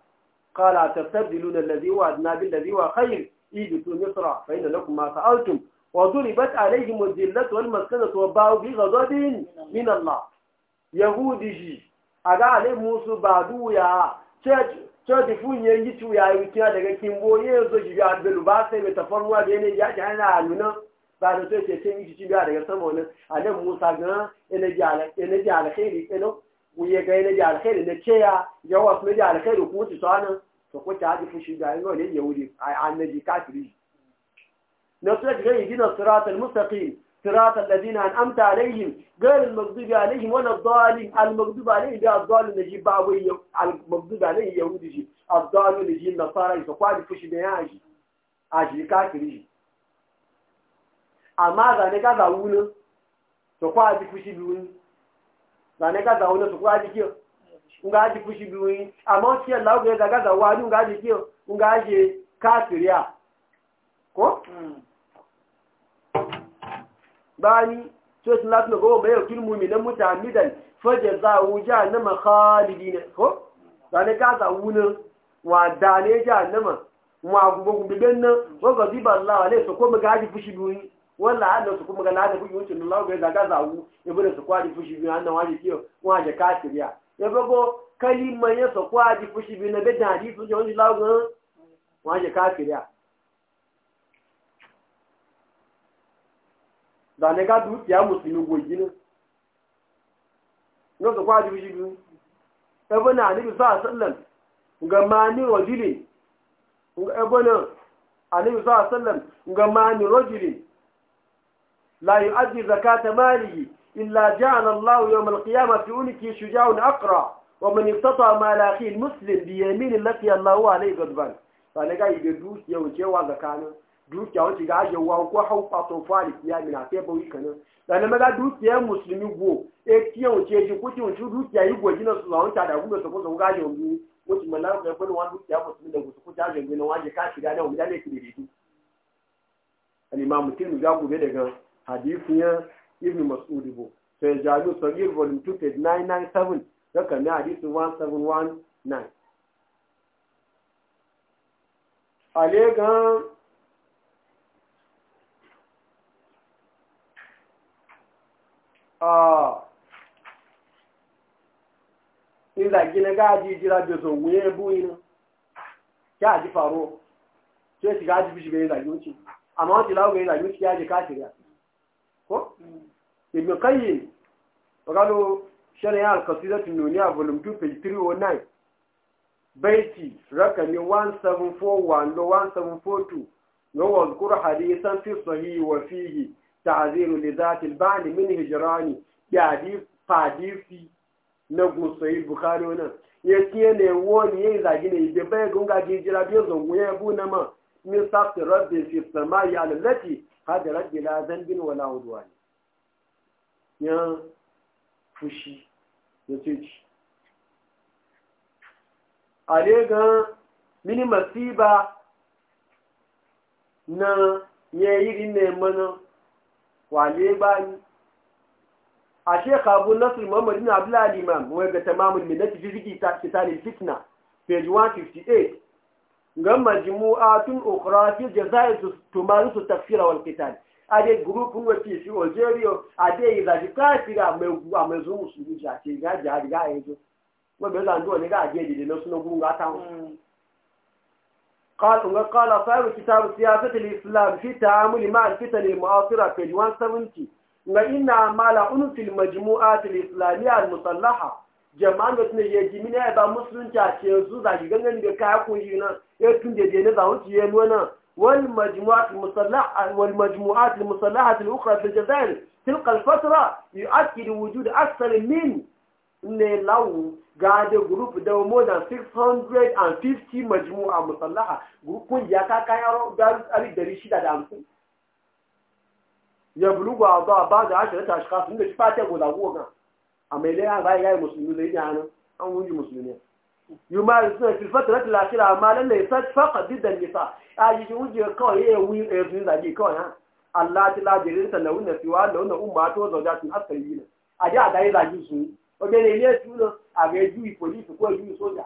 قال تستبدلون الذي هو أدنى بالذي هو خير إيجتوا مصر فإن لكم ما سألتم وضربت عليهم الذلة والمسكنة وباعوا بغضب من الله يهودي aga ale musu badu ya church church fun ye yitu ya yutiya daga kimbo ya yanzu, ji ga belu ba sai mai tafarwa da ne ya ji ana aluna ba da to ce ce yi ji ga daga sama wannan ale musa ga ene ji ala ene wuye gai na ji alkhairu na ceya yawa su ji alkhairu kuma ci sanin su kuta haji fushi da yin wani yahudi a annabi kafiri na su daga gani gina siratul mustaqim siratul ladina an amta alaihim garin al maghdubi alaihim wani dhalim al maghdubi alaihim da dhalim da ji babu al maghdubi alaihim yahudi ji al dhalim da ji nasara su kwaji fushi da yaji a ji kafiri amma ga ne kaza wulin su kwaji fushi biyu zane ka zaune su kuwa jikin nga aji fushi biyoyi amma wasu yin lauga ya zaga zawa wani nga aji kiyo nga aji kafiriya ko? Hmm. bani coci latin gowa bai yau kilmu mai nan mutane da fajar za a wuja na makhalidi ne ko? zane ka za wunin wa dane ja nama wa gugu gugu nan ko zibar lawa ne su ko mu ga aji fushi biyoyi wala hada su kuma ga lada bugi wucin nuna ga zaga zagu ya bude su kwaji fushi biyu annan waje kiyo waje kafiriya ya bago kalimman ya su kwaji fushi na gadda hadisu eh? ya wani lagun waje kafiriya da ne ga dukiya musulmi ne na ebe sa ga mani rajulin ebe sa ga mani لا يؤدي زكاة ماله إلا جعل الله يوم القيامة في أنك شجاع أقرأ ومن اقتطع مال أخيه المسلم بيمين التي الله عليه غضبان فأنا قاعد يدوس يوجه وزكاة dukiya wacce ga ajiye wa ko hau kwato fari ya mina sai bauyi kanin dan maga dukiya musulmi go e kiyan ce ji kuti dukiya yi goji na su zawon ta da gudu su ko ga ajiye wani wuce mallan kai kullu wani dukiya musulmi da gusu kuti ajiye wani waje ka shiga da wani da ne kidi al-imam mutum ga gobe daga hadisin ya ibn mas'ud bo sai jalu sabir volume 2 page 997 daga ne 1719 ale a ah nígbà gíní káàdì ìjìra jòsò wé ẹbú iná ji àti fàró tí ó sì káàdì fi ṣe bẹ̀rẹ̀ ìlàjú ó ti àmọ́ ó ti láwọ́ bẹ̀rẹ̀ ìlàjú ko ibn qayyim qalu shari'a al-qasidatu nuniya volume 2 page 309 baiti rakami 1741 lo 1742 wa wazkur hadithan fi sahih wa fihi ta'ziru li dhati al-ba'd min hijrani yadi fadisi na gusayi bukhari wannan ya tiye ne ni yayi zagi ne be bai gunga jira biyo zongu ya bu na ma min saqti rabbi fi samai allati hadarar la zambin wala huduwa wani, ya fushi ya ce ci a ga mini masiba na yayi ne mana wale bani a shekha abu nasu muhammadu na abu ta wai ga tamamul minati fi fitna page 158 ga majmu'atun ukhra fi jazair tumarisu tafsira wal qital ade group wo ti si algeria ade izaji kafira megu amezu musulu ja ti ga ja ga ejo mo be la ndo ni ga je dide lo suno gunga tawo قال ان قال صاحب كتاب سياسه الاسلام في التعامل مع الفتن المعاصره في 170 وان اعمال انف المجموعات الاسلاميه المصلحه jama'an da suna yaji mini ya ba musulunci a ce yanzu ki gangan da kaya kunshi na ya tun da dena za wuce ya nuna wal majmu'at musallah wal majmu'at musallaha al ukhra fil jazair tilka al fatra yu'akkid wujud akthar min ne lawu ga da group da more da 650 majmu'a musallaha group kun ya ka kaya ro da 650 ya bulugu a ba da ashirin ta shi kasu inda shi fata gozagowa amelea ambaye yeye muslimu zai jana an wuji musulmi yumarisu fi fatrat al-akhira amma lan yasat faqat did an-nisa ayi wuji kawai yayi wi ezin zaji kawai ha Allah ta lajirin ta launa fiwa launa umma to zawjatun asriyina ne a dai zaji su obere ile tuno a ga ju police ko ju soja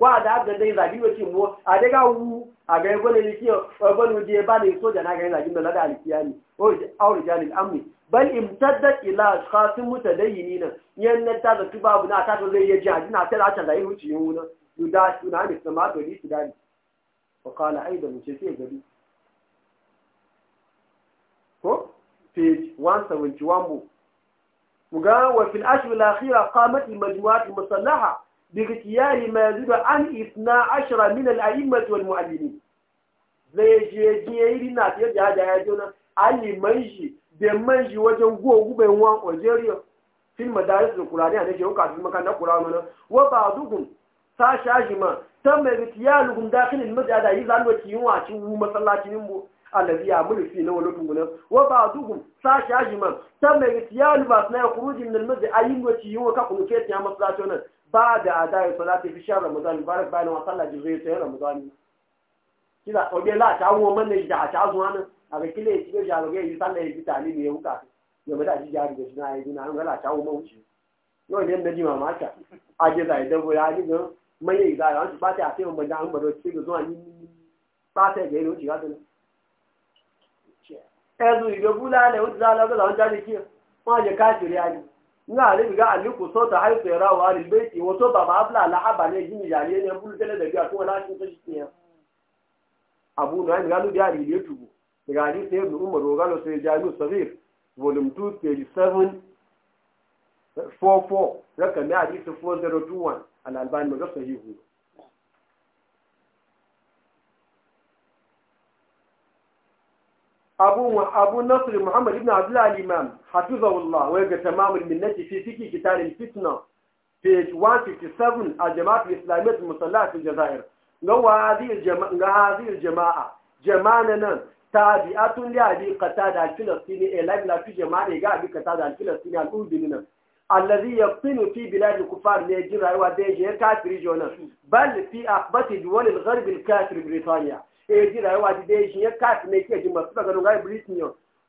wa da da ga dai zabi wace mu a daga ga wu a ga gole ne kiyo gole je ba ne soja na ga zabi da lada alkiyani o aure jani amni bal imtaddat ila ashkhasin mutadayyinin yanna ta da tubabu na ta zai ya jihadi na ta ta da yuci yuna yuda suna ne sama to ni sudani wa qala aidan ce sai gabi ko page 171 mu ga wa fil ashhur al akhira qamat al majmu'at al musallaha باختيار ما يزيد عن 12 من الأئمة والمعلمين zai je jeri na ta yadda hada ya jona ali manji da manji wajen gogu bai wan algeria fil madaris da kurani a nake yanka fil makan na kurani na wa ba dukun sa shaji ma ta mai bitiya lugun dakin ilmi da da yi zalwa ki yin wacin wu masallacin mu allazi ya mulu fi na wani tungunan wa ba dukun sa shaji ma ta mai bitiya lugun ya kurujin da ayin wa ki yin بعد أداء صلاة في شهر رمضان المبارك بعد ما صلى جزئية شهر رمضان كلا أبي لا تعو من نجدع تعو أنا أبي كلا يتجي جالو جي يصلى يجي تعليم يوم كاتي يوم لا يجي جالو جي ناي جي ناي لا تعو ما وش نو يوم نجي ما ماشى أجي ذا يدو ولا يجي نو ما يجي ذا يعني باتي أتي يوم بدأ يوم بدو تيجي زوان باتي جاي لو تيجي هذا أزوي يقول لا لا وتزال لا وتزال جالي كيا ما جا كاتي يعني nga ale ga ali ko so ta hay to wa ali be ti abla la aba ne jini ya ne ne bulu tele de ga ko la tin so shi abu no ai ga lu dia ri le tu ga ali te ibn umar ga lo se jalu sabir volume 2 page 7 44 rakam ya hadith 4021 sahihu أبو أبو نصر محمد بن عبد الله الإمام حفظه الله ويبقى تمام المنة في فكي كتاب الفتنة في 157 الجماعة الإسلامية المصلاة في الجزائر لو هذه الجماعة هذه الجماعة جماعنا تابعة لأبي قتادة الفلسطيني إلاج لا في جماعة أبي قتادة الفلسطيني الأردني الذي يقطن في بلاد الكفار ليجي رأيوا ديجي كافر جونا بل في أقبة دول الغرب الكافر بريطانيا sai ji rayuwa da dai shi ya kasu mai ke jin masu daga nungai britain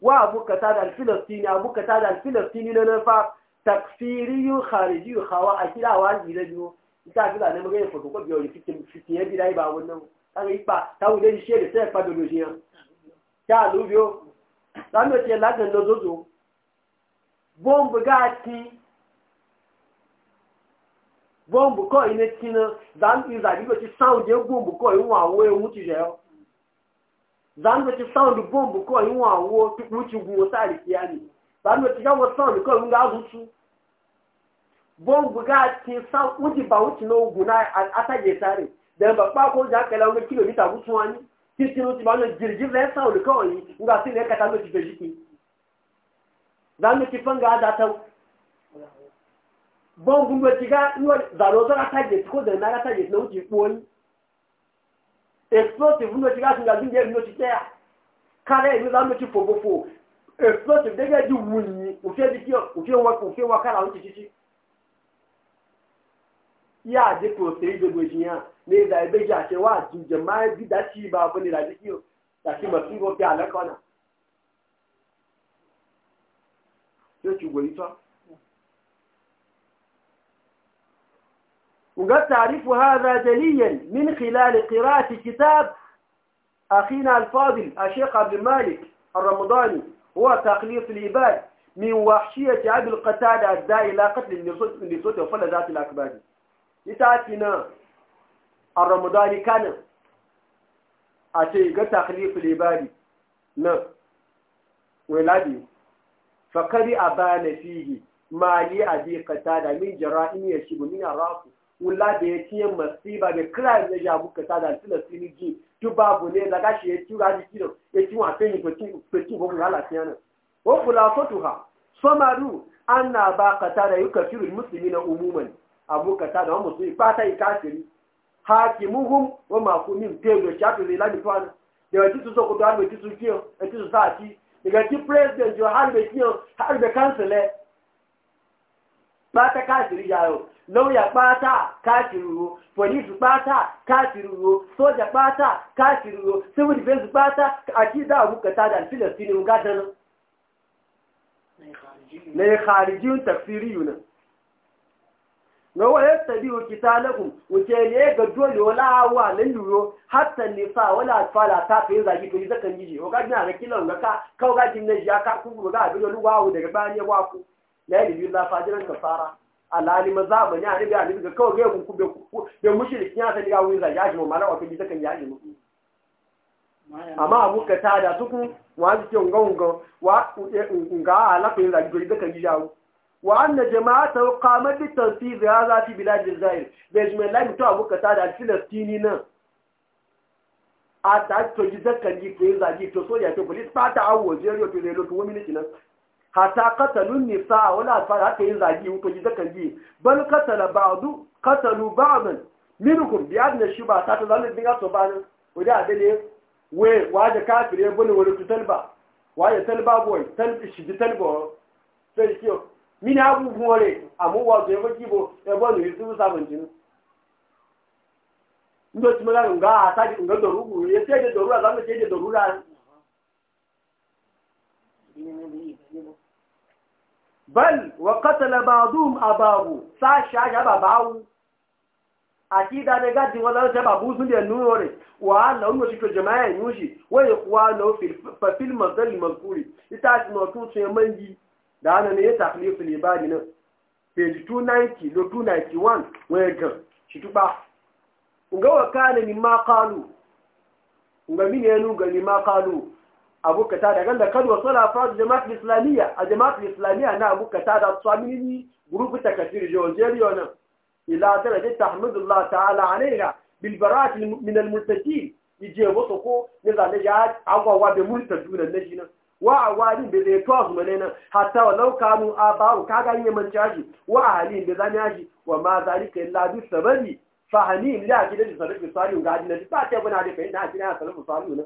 wa abu kata da filistini abu da filistini na nufa takfiriyun kharijiyu hawa a kira wa jira biyu ita kira ne magana fotokopi ko biyo fitin fitin ya bidai ba wannan kaga ipa ta wuce shi da sai fa da dojiya ta lubio lanu ce lagan na zozo bombu gati bomb ko ine kina dan izabi ko ti sound je bombu ko wa, wo ewu ti je zanu ti sound bomb ko yin wa wo mu ti gun wo sari ki ani zanu ti ga wo sound ko ga azutu bomb ga ti sa uji ba uti no gun na ataje sari da ba pa ko ja kala ngo kilomita gutu ani ti ti no ti ba no jirji ve sound ko yi nga ti le kata no ti beji ki zanu ti fanga da ta bomb ngo ti ga ngo zanu ta ataje ko da na ataje no ti po ni explosive ní o ti káàkiri àti ìyẹn ní o ti tẹ́ à kárẹ́ ìlú lánàá ti fòfòfò explosive gẹ́gẹ́ di wù yìí òfin ti òfin wọn òfin wọn kára wọn ti títí. yíyá àdínkù òsèré gbogbo ìṣìyàn ní ìdá ìbejì àṣẹ wà àjùjẹ máa ń dídá sí ibà ọ̀bọ̀n ìlà àdínkù àti mọ̀tún ìwọ̀n fi àlẹ́ kọ́nà. yóò ti wòye tán. وقد تعرف هذا جليا من خلال قراءة كتاب أخينا الفاضل الشيخ عبد المالك الرمضاني هو تقليص العباد من وحشية أبي القتادة أداء إلى قتل النسوة وفل ذات الأكباد لتأتينا الرمضاني كان أشيء تقليص العباد لا نعم. ولدي فقد أبان فيه ما لي أبي قتادة من جرائم يشيب من الرافض wula da ya ciye masiba da kira da ya buka ta da tila sini ji tu babu ne daga shi ya ciwa da kiro ya ciwa sai ni kwaci kwaci ko kula lafiya nan ko kula sotu ha samaru anna ba ka ta da yuka firu muslimina umuman abuka ta da musu ba ta yi kafiri hakimuhum wa makumin tedo shafi zai lami tuwa da wati su so ko da wati su kiyo wati su sa ci daga ti president jo har be kiyo har be kansile pátá káàkiri yàrá lọ́wọ́yà pátá káàkiri wo pọ̀lísù pátá káàkiri wo sójà pátá káàkiri wo civil defense pátá àkídá àwùkẹta dà sílẹ̀ sí ni nga dáná na ya kharijin tafsiri yuna na waya tabi wa kitalakum wuce ne ga dole wala awa nan yuro hatta ne sa wala fala ta fi yin zaki to yi zakan yi ko ga kina ga kilan ga ka kawai ga kin ne ya ka ku ga abin wani wawo daga bayan ya waku la ilaha illa fajiran kafara alali maza ba ni a riga a riga kawai ga ku ku da mushriki ya ta ga wuri za ya ji mu mala wato bi ta kan ya ji mu amma abu ka ta da suku wa ji ke unga unga wa nga ala ko yin ji da kan ya wa anna jama'atu qamat bi tanfiz hadha fi bilad al-zair bejme la to abu ka ta da filistini nan a ta to ji da kan ji ko yin ji to ya to police ta ta awo zero to lo to women nan hata katalun nisa wala fara haka yin zagi wuto ji zakan ji bal katala ba'du katalu ba'dan minkum bi adna shuba ta ta zalin dinga to bana da adale we waje kafire bune wuri tu talba waje talba boy talbi shi ji talba sai kiyo min abu buwore amu wa zo yaba kibo e su sa mun jinu ndo ti mala nga ta ji nga dorugu ye te de dorura zamu te de dorura ni ni ni bal wa katala ba'dhum abahu sa sha ja babawu akida ne gadi wala ja babu sun de nuore wa la umma shi jama'a yushi wa yaqwa la fil fa fil mazal mazkuri ita ti no tun sai manji da ana ne takliful ibadi nan page 290 lo 291 wa ga shi tuba unga wa kana mimma qalu unga mini yanu ga mimma qalu abu kata da ganda kan wasu lafa jama'at islamiyya a jama'at islamiyya na abu kata da tsamini gurupu ta kafir jojeriyo nan ila daraja tahmidullah ta'ala alaiha bil barat min al murtaki ije wasu ko ne zane ya agwawa da murtadu nan shi nan wa awalin da zai to azuma ne nan hatta walau kanu aba'u kaga yin man caji wa ahalin da zan yaji wa ma zalika illa bi sababi fahamin la gidan da sarfi salihu ga adina ta ta bana da fahimta a cikin sarfi salihu nan